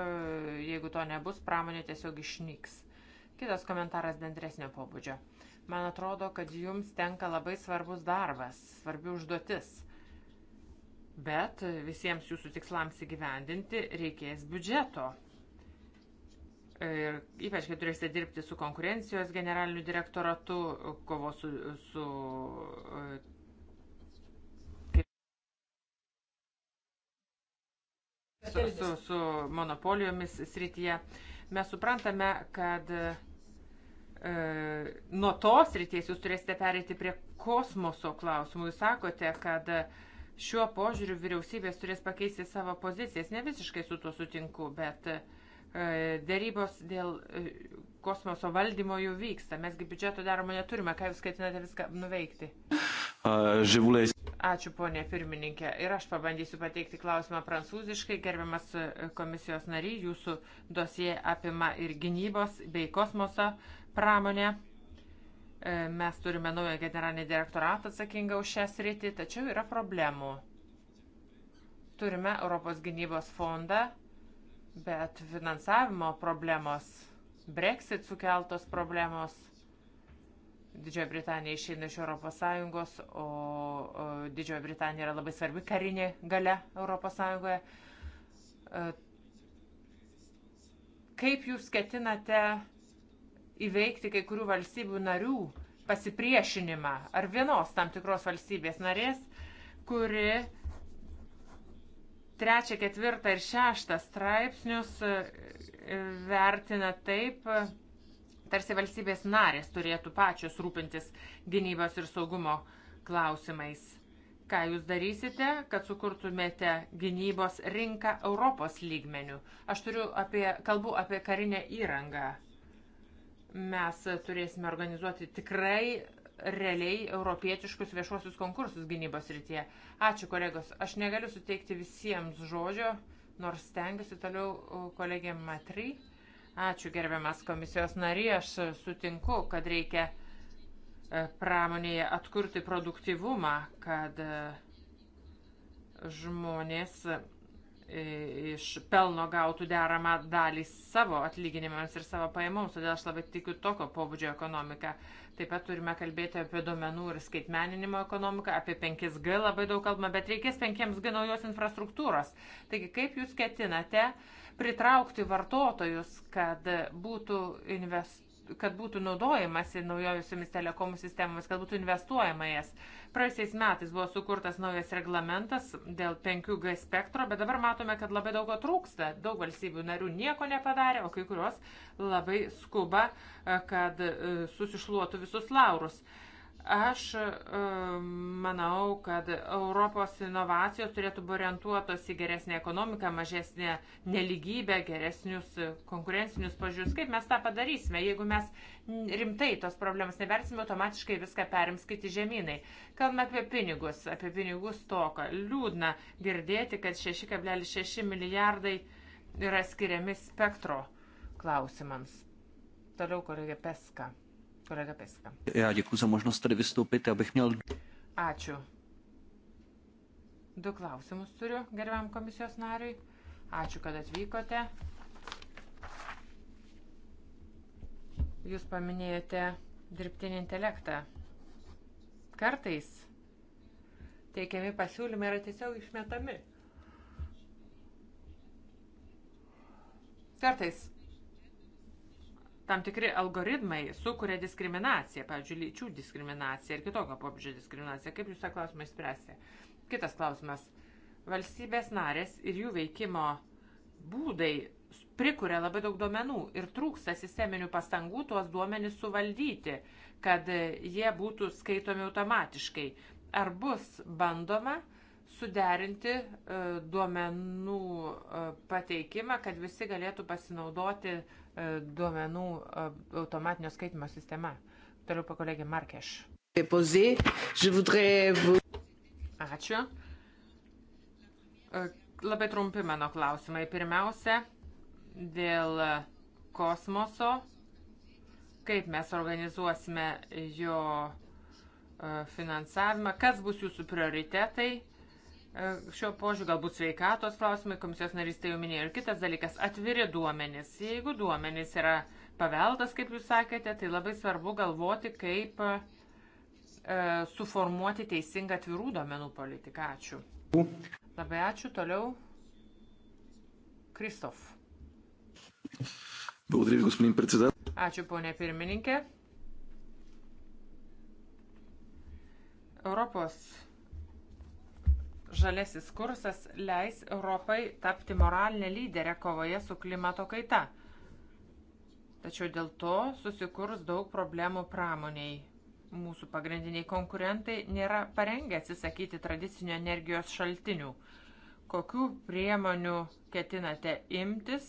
jeigu to nebus, pramonė tiesiog išnyks. Kitas komentaras bendresnio pobūdžio. Man atrodo, kad jums tenka labai svarbus darbas, svarbi užduotis. Bet visiems jūsų tikslams įgyvendinti reikės biudžeto. Ir ypač, kai turėsite dirbti su konkurencijos generaliniu direktoratu, kovo su, su e, su, su, su monopolijomis srityje. Mes suprantame, kad e, nuo tos srities jūs turėsite pereiti prie kosmoso klausimų. Jūs sakote, kad šiuo požiūriu vyriausybės turės pakeisti savo pozicijas. Ne visiškai su tuo sutinku, bet e, E, dėrybos dėl e, kosmoso valdymo jau vyksta. Mesgi biudžeto daroma neturime. Ką jūs ketinate viską nuveikti? Živulės. Ačiū, ponė pirmininkė. Ir aš pabandysiu pateikti klausimą prancūziškai. Gerbiamas e, komisijos nariai, jūsų dosie apima ir gynybos bei kosmoso pramonę. Mes turime naują generalinį direktoratą atsakingą už šią sritį, tačiau yra problemų. Turime Europos gynybos fondą bet finansavimo problemos, Brexit sukeltos problemos, Didžioji Britanija išeina iš Europos Sąjungos, o, o Didžioji Britanija yra labai svarbi karinė gale Europos Sąjungoje. E, kaip jūs ketinate įveikti kai kurių valstybių narių pasipriešinimą ar vienos tam tikros valstybės narės, kuri uh, trečią, ketvirtą ir šeštą straipsnius e, e, vertina taip, tarsi valstybės narės turėtų pačios rūpintis gynybos ir saugumo klausimais. Ką jūs darysite, kad sukurtumėte gynybos rinką Europos lygmenių? Aš turiu apie, kalbu apie karinę įrangą. Mes turėsime organizuoti tikrai realiai europietiškus viešuosius konkursus gynybos rytyje. Ačiū kolegos, aš negaliu suteikti visiems žodžio, nors stengiuosi toliau kolegė Matry. Ačiū gerbiamas komisijos nariai, aš sutinku, kad reikia e, pramonėje atkurti produktivumą, kad e, žmonės E, iš pelno gautų deramą dalį savo atlyginimams ir savo pajamoms, todėl aš labai tikiu tokio pobūdžio ekonomiką. Taip pat turime kalbėti apie duomenų ir skaitmeninimo ekonomiką, apie 5G labai daug kalbama, bet reikės 5G naujos infrastruktūros. Taigi, kaip jūs ketinate pritraukti vartotojus, kad būtų investuojami? kad būtų naudojamasi naujojusiomis telekomų sistemomis, kad būtų investuojama jas. Praėjusiais metais buvo sukurtas naujas reglamentas dėl 5G spektro, bet dabar matome, kad labai daug trūksta. Daug valstybių narių nieko nepadarė, o kai kurios labai skuba, e, kad e, susišluotų visus laurus. Uh, Aš e, manau, kad Europos inovacijos turėtų būti orientuotos į geresnę ekonomiką, mažesnę neligybę, geresnius konkurencinius pažiūrus. Kaip mes tą padarysime? Jeigu mes rimtai tos problemas neversime, automatiškai viską perims kiti žemynai. Kalbame apie pinigus, apie pinigų stoką. Liūdna girdėti, kad 6,6 milijardai yra skiriami spektro klausimams. Toliau kolegė Peska kolega Peska. Já děkuji za možnost tady vystoupyti, abych měl. Ačiū. Du klausimus turiu gerbiam komisijos nariui. Ačiū, kad atvykote. Jūs paminėjote dirbtinį intelektą. Kartais teikiami pasiūlymai yra tiesiog išmetami. Kartais tam tikri algoritmai sukuria diskriminaciją, pavyzdžiui, lyčių diskriminaciją ir kitokio pobūdžio diskriminaciją. Kaip jūs tą klausimą išspręsite? Kitas klausimas. Valstybės narės ir jų veikimo būdai prikuria labai daug duomenų ir trūksta sisteminių pastangų tuos duomenys suvaldyti, kad jie būtų skaitomi automatiškai. Ar bus bandoma suderinti e, duomenų e, pateikimą, kad visi galėtų pasinaudoti E, duomenų e, automatinio skaitimo sistema. Toliau po kolegė Markeš. Ačiū. E, labai trumpi mano klausimai. Pirmiausia, dėl kosmoso, kaip mes organizuosime jo finansavimą, kas bus jūsų prioritetai E, šio požiūrį, galbūt sveikatos klausimai, komisijos narys tai jau minėjo. Ir kitas dalykas - atviri duomenys. Jeigu duomenys yra paveldas, kaip jūs sakėte, tai labai svarbu galvoti, kaip e, suformuoti teisingą atvirų duomenų politiką. Ačiū. Labai ačiū. Toliau. Kristof. Благодаря ви, господин председател. Ačiū, ponė pirmininkė. Europos žalesis kursas leis Europai tapti moralinę lyderę kovoje su klimato kaita. Tačiau dėl to susikurs daug problemų pramoniai. Mūsų pagrindiniai konkurentai nėra parengę atsisakyti tradicinių energijos šaltinių. Kokių priemonių ketinate imtis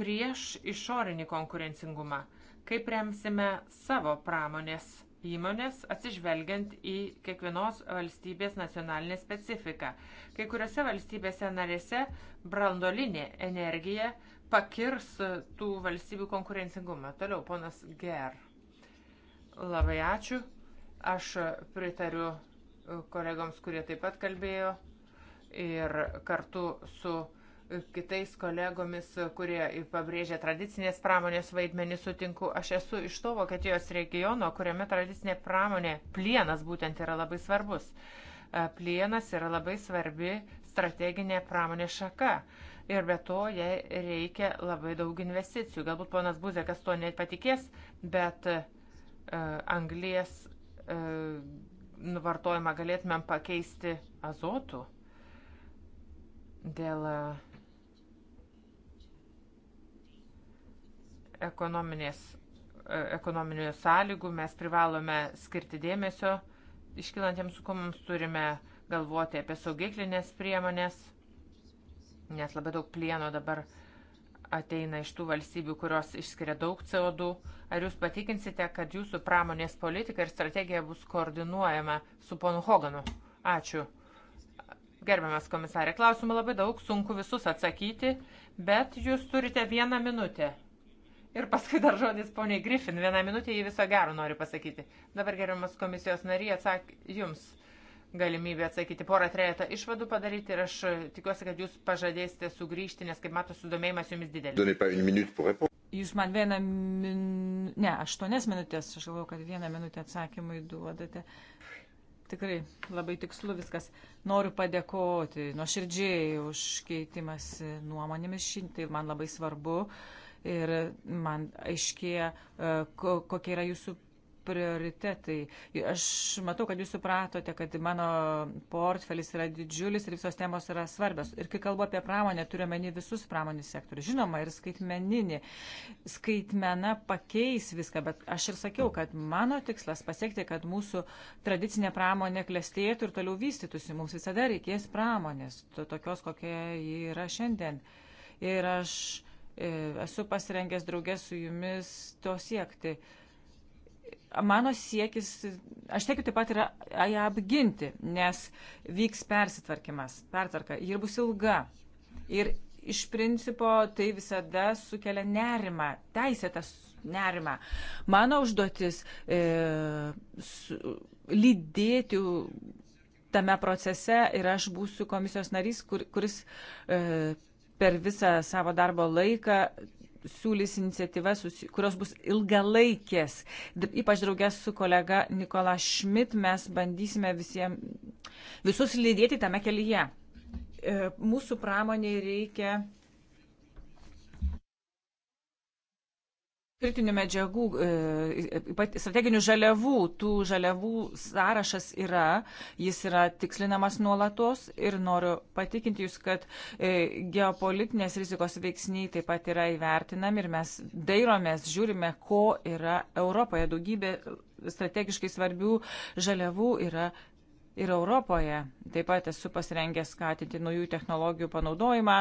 prieš išorinį konkurencingumą? Kaip remsime savo pramonės įmonės atsižvelgiant į kiekvienos valstybės nacionalinę specifiką. Kai kuriuose valstybėse narėse brandolinė energija pakirs tų valstybių konkurencingumą. Toliau, ponas Ger. Labai ačiū. Aš pritariu kolegoms, kurie taip pat kalbėjo ir kartu su kitais kolegomis, kurie pabrėžia tradicinės pramonės vaidmenį, sutinku. Aš esu iš to Vokietijos regiono, kuriame tradicinė pramonė, plienas būtent yra labai svarbus. E, plienas yra labai svarbi strateginė pramonės šaka. Ir be to, jai reikia labai daug investicijų. Galbūt ponas Buzekas to nepatikės, bet uh, anglies e, uh, vartojimą galėtumėm pakeisti azotų dėl uh, ekonominės, e, ekonominių sąlygų, mes privalome skirti dėmesio iškilantiems sunkumams, turime galvoti apie saugiklinės priemonės, nes labai daug plieno dabar ateina iš tų valstybių, kurios išskiria daug CO2. Ar jūs patikinsite, kad jūsų pramonės politika ir strategija bus koordinuojama su ponu Hoganu? Ačiū. Gerbiamas komisarė, klausimų labai daug, sunku visus atsakyti, bet jūs turite vieną minutę. Ir paskui dar žodis poniai Griffin. Vieną minutę jį viso gero noriu pasakyti. Dabar gerbiamas komisijos nariai atsak jums galimybę atsakyti porą trejetą išvadų padaryti ir aš tikiuosi, kad jūs pažadėsite sugrįžti, nes kaip matau, sudomėjimas jumis didelis. Jūs man vieną min... ne, aštuonias minutės, aš galvoju, kad vieną minutę atsakymui duodate. Tikrai labai tikslu viskas. Noriu padėkoti nuoširdžiai už keitimas nuomonėmis šį, tai man labai svarbu. Uh, ir man aiškėja, e, kokie yra jūsų prioritetai. Aš matau, kad jūs supratote, kad mano portfelis yra didžiulis ir visos temos yra svarbios. Ir kai kalbu apie pramonę, turiu meni visus pramonės sektorius. Žinoma, ir skaitmeninį. Skaitmena pakeis viską, bet aš ir sakiau, kad mano tikslas pasiekti, kad mūsų tradicinė pramonė klestėtų ir toliau vystytųsi. Mums visada reikės pramonės, tokios, kokia ji yra šiandien. Ir aš E, esu pasirengęs draugės su jumis to siekti. Mano siekis, aš tiekiu taip pat yra ją apginti, nes vyks persitvarkymas, pertvarka, ji bus ilga. Ir iš principo tai visada sukelia nerimą, teisėtas nerimą. Mano užduotis e, su, lydėti tame procese ir aš būsiu komisijos narys, kur, kuris e, per visą savo darbo laiką siūlys iniciatyvas, kurios bus ilgalaikės. Ypač draugės su kolega Nikola Šmit mes bandysime visiem, visus lydėti tame kelyje. E, mūsų pramoniai reikia kritinių medžiagų, e, strateginių žaliavų, tų žaliavų sąrašas yra, jis yra tikslinamas nuolatos ir noriu patikinti Jūs, kad e, geopolitinės rizikos veiksniai taip pat yra įvertinami ir mes dairomės, žiūrime, ko yra Europoje. Daugybė strategiškai svarbių žaliavų yra ir Europoje. Taip pat esu pasirengęs skatinti naujų technologijų panaudojimą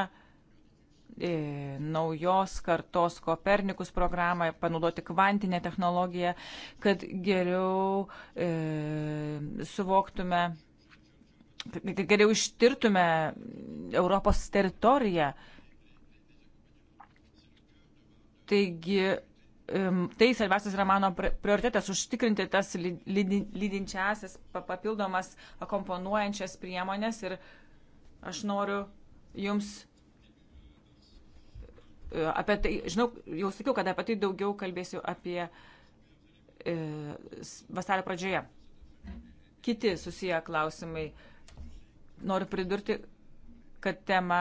naujos kartos Kopernikus programą, panaudoti kvantinę technologiją, kad geriau e, suvoktume, kad geriau ištirtume Europos teritoriją. Taigi, tai svarbiausias yra mano prioritetas - užtikrinti tas lydinčiasias, papildomas, akomponuojančias priemonės ir aš noriu jums apie tai, žinau, jau sakiau, kad apie tai daugiau kalbėsiu apie e, vasario pradžioje. Kiti susiję klausimai. Noriu pridurti, kad tema,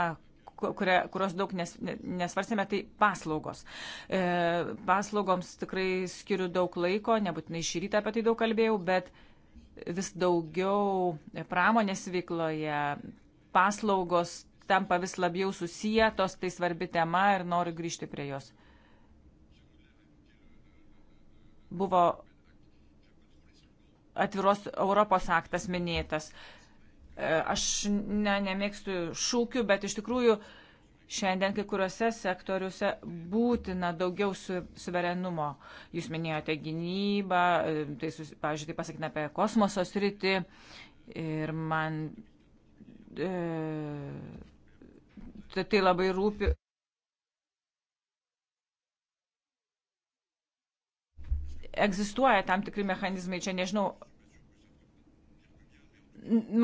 kuria, kurios daug nes, nesvarsime, tai paslaugos. E, paslaugoms tikrai skiriu daug laiko, nebūtinai šį rytą apie tai daug kalbėjau, bet vis daugiau pramonės veikloje paslaugos tampa vis labiau susijėtos, tai svarbi tema ir noriu grįžti prie jos. Buvo atviros Europos aktas minėtas. E, aš ne, nemėgstu šūkių, bet iš tikrųjų šiandien kai kuriuose sektoriuose būtina daugiau su, suverenumo. Jūs minėjote gynybą, e, tai, pavyzdžiui, tai pasakytume apie kosmoso sritį ir man e, Tai, tai labai rūpi. Egzistuoja tam tikri mechanizmai, čia nežinau.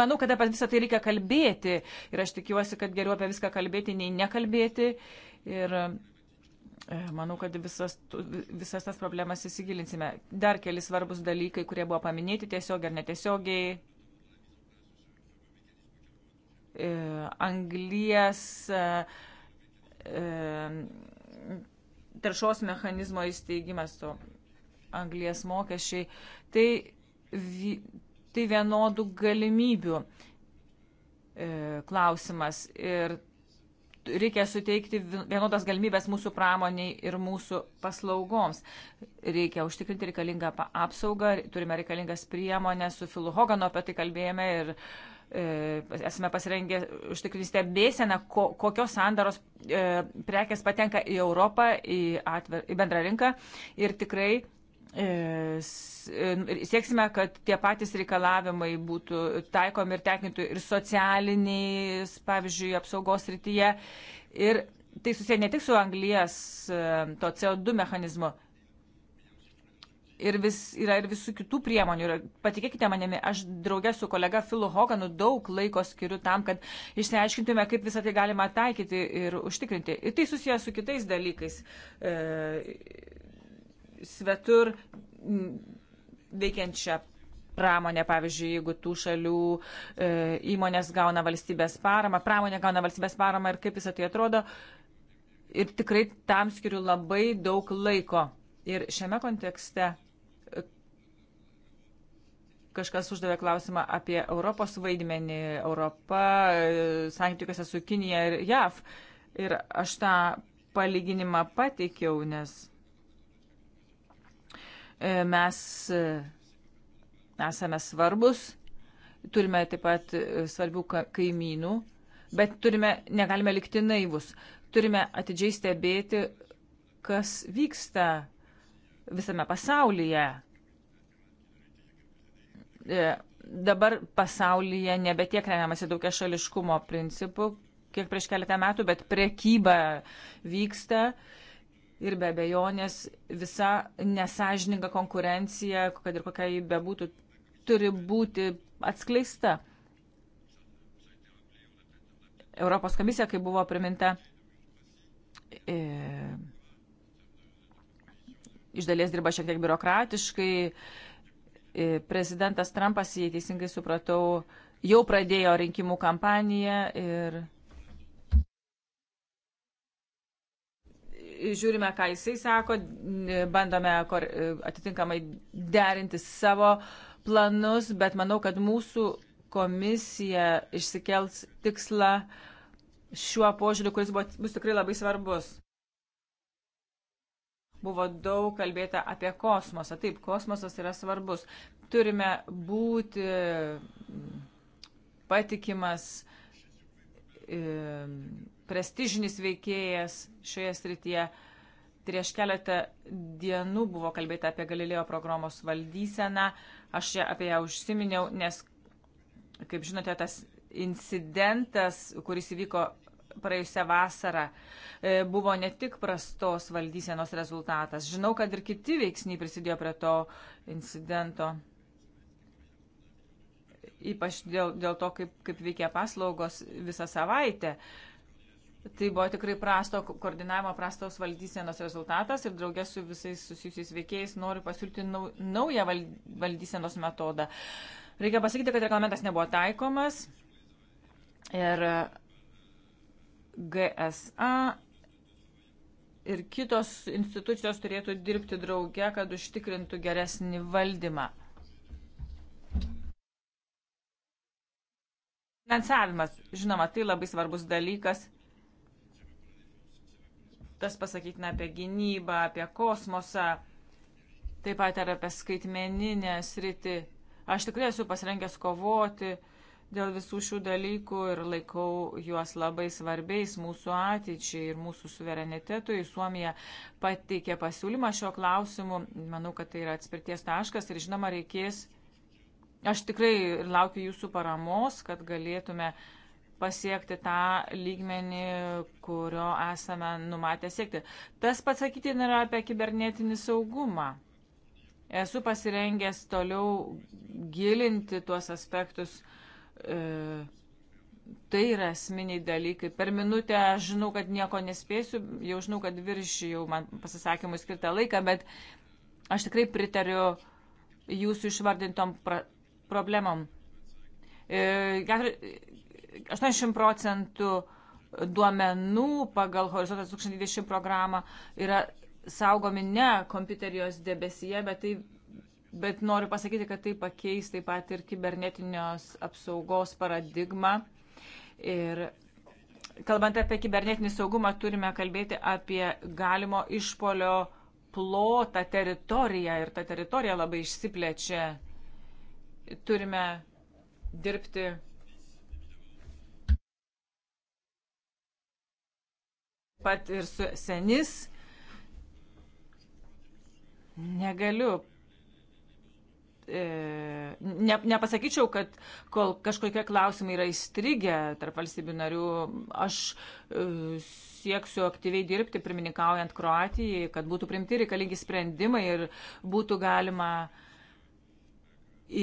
Manau, kad apie visą tai reikia kalbėti ir aš tikiuosi, kad geriau apie viską kalbėti nei nekalbėti. Ir e, Manau, kad visas, visas tas problemas įsigilinsime. Dar keli svarbus dalykai, kurie buvo paminėti tiesiogiai ar netiesiogiai. E, anglies e, e, taršos mechanizmo įsteigimas, to anglies mokesčiai, tai, tai vienodų galimybių klausimas ir reikia suteikti vienodas galimybės mūsų pramoniai ir mūsų paslaugoms. Reikia užtikrinti reikalingą apsaugą, turime reikalingas priemonės, su Filu Hoganu apie tai kalbėjome ir uh, E, esame pasirengę užtikrinti stebėseną, ko, kokios sandaros e, prekes patenka į Europą, į, atver, į bendrą rinką ir tikrai e, e, sieksime, kad tie patys reikalavimai būtų taikomi ir tekintų ir socialiniais, pavyzdžiui, apsaugos rytyje. Ir tai susiję ne tik su anglies e, to CO2 mechanizmu, ir vis, yra ir visų kitų priemonių. Ir patikėkite manimi, aš draugė su kolega Filu Hoganu daug laiko skiriu tam, kad išsiaiškintume, kaip visą tai galima taikyti ir užtikrinti. Ir tai susijęs su kitais dalykais. E, svetur veikiančią pramonę, pavyzdžiui, jeigu tų šalių e, įmonės gauna valstybės paramą, pramonė gauna valstybės paramą ir kaip visą tai atrodo. Ir tikrai tam skiriu labai daug laiko. Ir šiame kontekste kažkas uždavė klausimą apie Europos vaidmenį, Europą e, santykiuose su Kinija ir JAV. Ir aš tą palyginimą pateikiau, nes e, mes e, esame svarbus, turime taip pat svarbių kaimynų, bet turime, negalime likti naivus. Turime atidžiai stebėti, kas vyksta visame pasaulyje E, dabar pasaulyje nebetiek remiamasi daugia šališkumo principų, kiek prieš keletą metų, bet prekyba vyksta ir be abejonės visa nesažininga konkurencija, kad ir kokia jį bebūtų, turi būti atskleista. Europos komisija, kai buvo priminta, e, iš dalies dirba šiek tiek biurokratiškai, e, E, prezidentas Trumpas, jei teisingai supratau, jau pradėjo rinkimų kampaniją ir žiūrime, ką jisai sako, e, bandome e, atitinkamai derinti savo planus, bet manau, kad mūsų komisija išsikels tikslą šiuo požiūriu, kuris buvo, bus tikrai labai svarbus. Buvo daug kalbėta apie kosmosą. Taip, kosmosas yra svarbus. Turime būti patikimas, e, prestižinis veikėjas šioje srityje. Prieš keletą dienų buvo kalbėta apie Galilėjo programos valdyseną. Aš čia apie ją užsiminiau, nes, kaip žinote, tas incidentas, kuris įvyko praėjusią vasarą e, buvo ne tik prastos valdysenos rezultatas. Žinau, kad ir kiti veiksniai prisidėjo prie to incidento. Ypač dėl, dėl to, kaip, kaip veikia paslaugos visą savaitę. Tai buvo tikrai prasto koordinavimo, prastos valdysenos rezultatas ir draugės su visais susijusiais veikėjais noriu pasiūlyti nau, naują valdysenos metodą. Reikia pasakyti, kad reglamentas nebuvo taikomas ir GSA ir kitos institucijos turėtų dirbti drauge, kad užtikrintų geresnį valdymą. Finansavimas, žinoma, tai labai svarbus dalykas. Tas pasakytina apie gynybą, apie kosmosą, taip pat ir apie skaitmeninę sritį. Aš tikrai esu pasirengęs kovoti dėl visų šių dalykų ir laikau juos labai svarbiais mūsų ateičiai ir mūsų suverenitetui. Suomija pateikė pasiūlymą šio klausimu. Manau, kad tai yra atspirties taškas ir žinoma reikės. Aš tikrai laukiu jūsų paramos, kad galėtume pasiekti tą lygmenį, kurio esame numatę siekti. Tas pats sakyti yra apie kibernetinį saugumą. Esu pasirengęs toliau gilinti tuos aspektus uh, E, tai yra asmeniai dalykai. Per minutę aš žinau, kad nieko nespėsiu, jau žinau, kad viršijau man pasisakymui skirtą laiką, bet aš tikrai pritariu jūsų išvardintom pra, problemom. E, 80 procentų duomenų pagal Horizontas 2020 programą yra saugomi ne kompiuterijos debesyje, bet tai bet noriu pasakyti, kad tai pakeis taip pat ir kibernetinios apsaugos paradigmą. Ir kalbant apie kibernetinį saugumą, turime kalbėti apie galimo išpolio plotą teritoriją ir ta teritorija labai išsiplečia. Turime dirbti. Pat ir su senis negaliu E, ne, nepasakyčiau, kad kol kažkokie klausimai yra įstrigę tarp valstybių narių, aš e, sieksiu aktyviai dirbti, pirmininkaujant Kroatijai, kad būtų primti reikalingi sprendimai ir būtų galima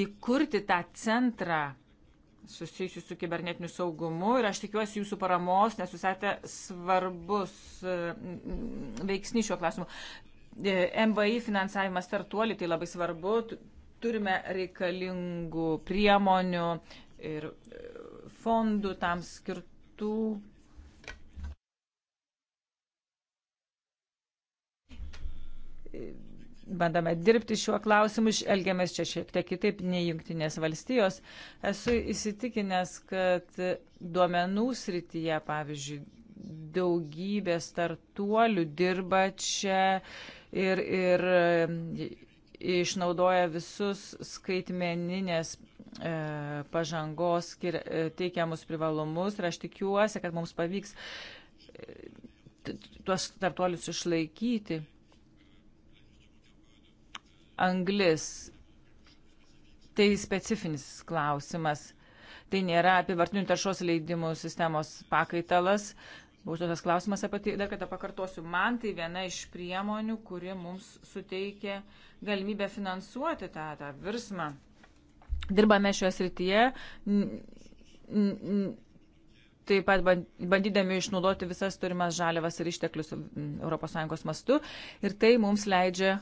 įkurti tą centrą susijusiu su kibernetiniu saugumu ir aš tikiuosi jūsų paramos, nes jūs esate svarbus e, veiksnys šiuo klausimu. E, MVI finansavimas startuolį tai labai svarbu, turime reikalingų priemonių ir e, fondų tam skirtų. Bandame dirbti šiuo klausimu, elgiamės čia šiek tiek kitaip nei jungtinės valstijos. Esu įsitikinęs, kad duomenų srityje, pavyzdžiui, daugybė startuolių dirba čia ir, ir išnaudoja visus skaitmeninės e, pažangos skir, e, teikiamus privalumus ir aš tikiuosi, kad mums pavyks e, tuos startuolius išlaikyti. Anglis. Tai specifinis klausimas. Tai nėra apivartinių taršos leidimų sistemos pakaitalas. E, užduotas klausimas apie tai, dar kartą pakartosiu, man tai viena iš priemonių, kuri mums suteikė galimybę finansuoti tą, tą virsmą. Dirbame šioje srityje, taip pat bandydami išnaudoti visas turimas žaliavas ir išteklius ES mastu ir tai mums leidžia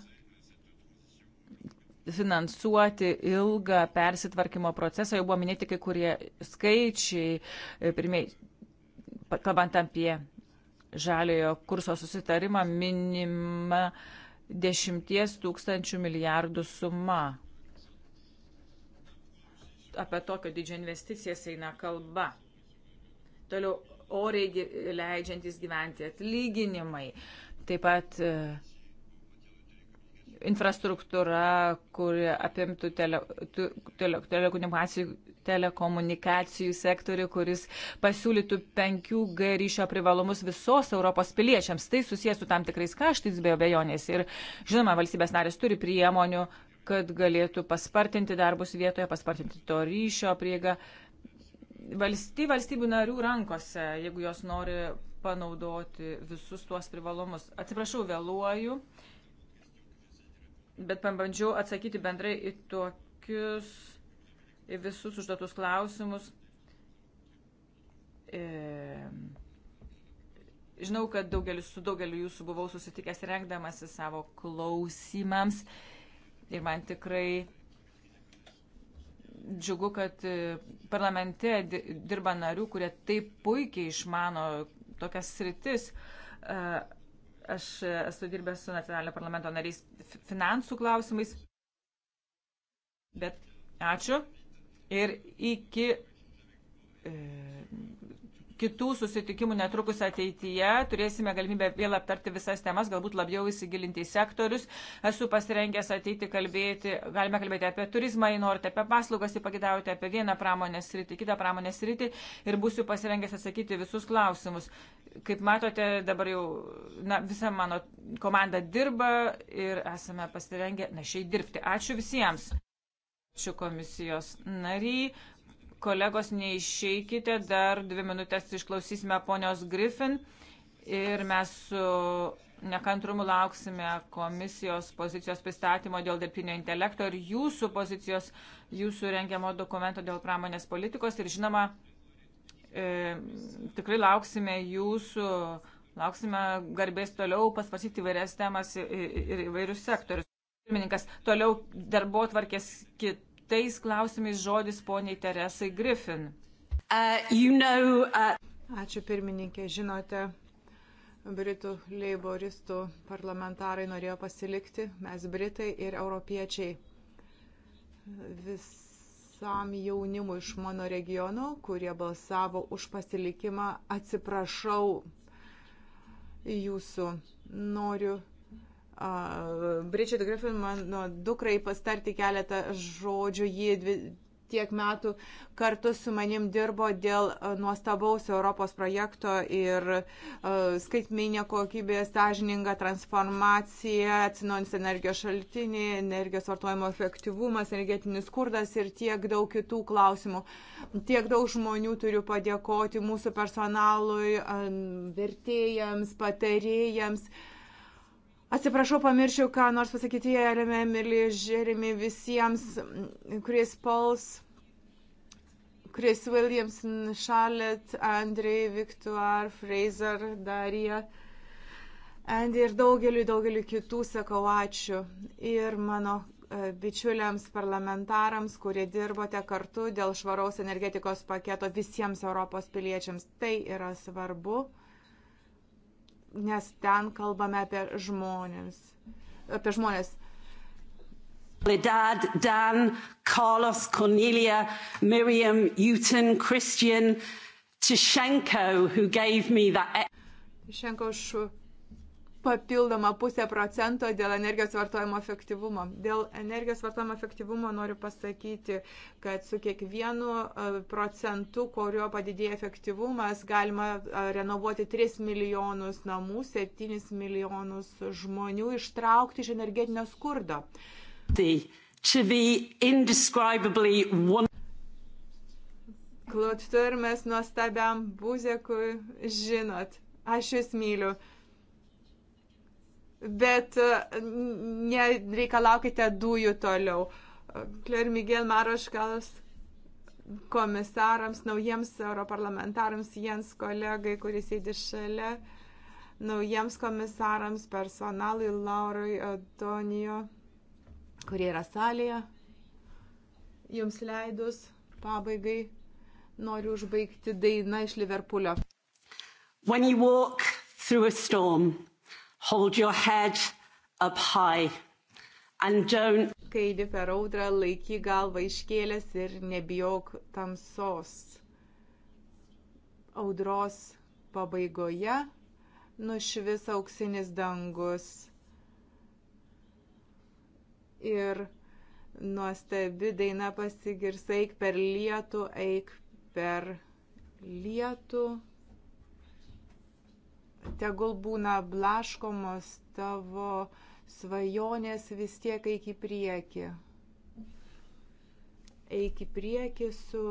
finansuoti ilgą persitvarkymo procesą. Jau buvo minėti kai kurie skaičiai, e, pirmieji kalbant apie žaliojo kurso susitarimą, minima dešimties tūkstančių milijardų suma. Apie tokio didžio investicijas eina kalba. Toliau oriai leidžiantis gyventi atlyginimai, taip pat e, infrastruktūra, kuri apimtų tele, tele, telekomunikacijų telekomunikacijų sektorių, kuris pasiūlytų 5G ryšio privalumus visos Europos piliečiams. Tai susijęs su tam tikrais kaštais be abejonės. Ir žinoma, valstybės narės turi priemonių, kad galėtų paspartinti darbus vietoje, paspartinti to ryšio prieigą. Valsty, valstybių narių rankose, jeigu jos nori panaudoti visus tuos privalumus. Atsiprašau, vėluoju, bet pabandžiau atsakyti bendrai į tokius į visus užduotus klausimus. E, žinau, kad daugelis, su daugeliu jūsų buvau susitikęs rengdamasi savo klausimams ir man tikrai džiugu, kad e, parlamente dirba narių, kurie taip puikiai išmano tokias sritis. E, aš esu dirbęs su nacionalinio parlamento nariais finansų klausimais, bet ačiū ir iki e, kitų susitikimų netrukus ateityje. Turėsime galimybę vėl aptarti visas temas, galbūt labiau įsigilinti į sektorius. Esu pasirengęs ateiti kalbėti, galime kalbėti apie turizmą, jei norite, apie paslaugas, jei pagidavote apie vieną pramonės rytį, kitą pramonės rytį ir būsiu pasirengęs atsakyti visus klausimus. Kaip matote, dabar jau na, visa mano komanda dirba ir esame pasirengę našiai dirbti. Ačiū visiems. Ačiū komisijos nariai. Kolegos, neišeikite, dar dvi minutės išklausysime ponios Griffin ir mes su nekantrumu lauksime komisijos pozicijos pristatymo dėl dirbtinio intelekto ir jūsų pozicijos, jūsų rengiamo dokumento dėl pramonės politikos ir žinoma, e, tikrai lauksime jūsų, lauksime garbės toliau pasvarstyti įvairias temas ir įvairius sektorius. Pirmininkas, toliau darbo tvarkės kitais klausimais žodis poniai Teresai Griffin. Uh, you know, uh... Ačiū pirmininkė, žinote, Britų leiboristų parlamentarai norėjo pasilikti, mes Britai ir europiečiai. Vis visam jaunimui iš mano regiono, kurie balsavo už pasilikimą. Atsiprašau jūsų. Noriu Bridget Griffin mano dukrai pastarti keletą žodžių. Ji dvi, tiek metų kartu su manim dirbo dėl nuostabaus Europos projekto ir uh, skaitminė kokybė, sąžininga transformacija, atsinaujantis energijos šaltiniai, energijos vartojimo efektyvumas, energetinis skurdas ir tiek daug kitų klausimų. Tiek daug žmonių turiu padėkoti mūsų personalui, vertėjams, patarėjams. Uh, Atsiprašau, pamiršiau, ką nors pasakyti Jeremė, Emilį, Žeremį, visiems, Chris Pauls, Chris Williams, Charlotte, Andrei, Viktor, Fraser, Darija. Andy ir daugeliu, daugeliu kitų sakau ačiū. Ir mano e, bičiuliams parlamentarams, kurie dirbote kartu dėl švaraus energetikos paketo visiems Europos piliečiams. Tai yra svarbu nes ten kalbame apie žmonės. Apie žmonės. Soledad, Dan, Carlos, Cornelia, Miriam, Uton, Christian, Tishenko, who gave me that. Tishenko už papildomą pusę procento dėl energijos vartojimo efektyvumo. Dėl energijos vartojimo efektyvumo noriu pasakyti, kad su kiekvienu e, procentu, kurio padidėja efektyvumas, galima e, renovuoti 3 milijonus namų, 7 milijonus žmonių ištraukti iš energetinio skurdo. Tai to the indescribably one. Klot Turmes nuostabiam Buzekui, žinot, aš jūs myliu bet e, nereikalaukite dujų toliau. Claire Miguel Maroškalas komisarams, naujiems europarlamentarams, jiems kolegai, kuris sėdi šalia, naujiems komisarams, personalui, Laurui, Antonijo, kurie yra salėje. Jums leidus pabaigai noriu užbaigti dainą iš Liverpulio. When you walk through a storm. Hold your head up high and don't. Kai eini per audrą, laiky galvą iškėlęs ir nebijok tamsos. Audros pabaigoje nušvis auksinis dangus. Ir nuostabi daina pasigirs, eik per lietų, eik per lietų tegul būna blaškomos tavo svajonės vis tiek eik į priekį. Eik į priekį su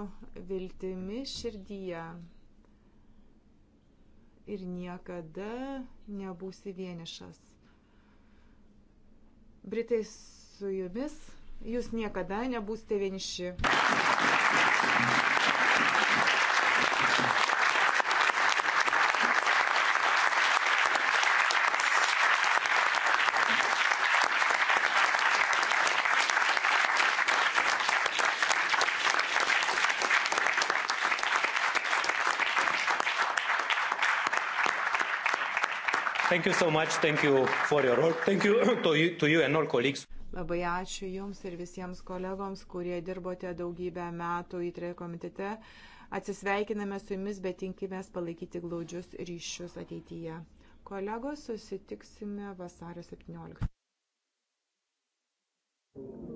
viltimi širdyje. Ir niekada nebūsi vienišas. Britai su jumis, jūs niekada nebūsite vieniši. Thank you so much. Thank you for your role. Thank you to you, to you and all colleagues. Labai ačiū Jums ir visiems kolegoms, kurie dirbote daugybę metų į trejo komitete. Atsisveikiname su Jumis, bet tinkimės palaikyti glaudžius ryšius ateityje. Kolegos, susitiksime vasario 17.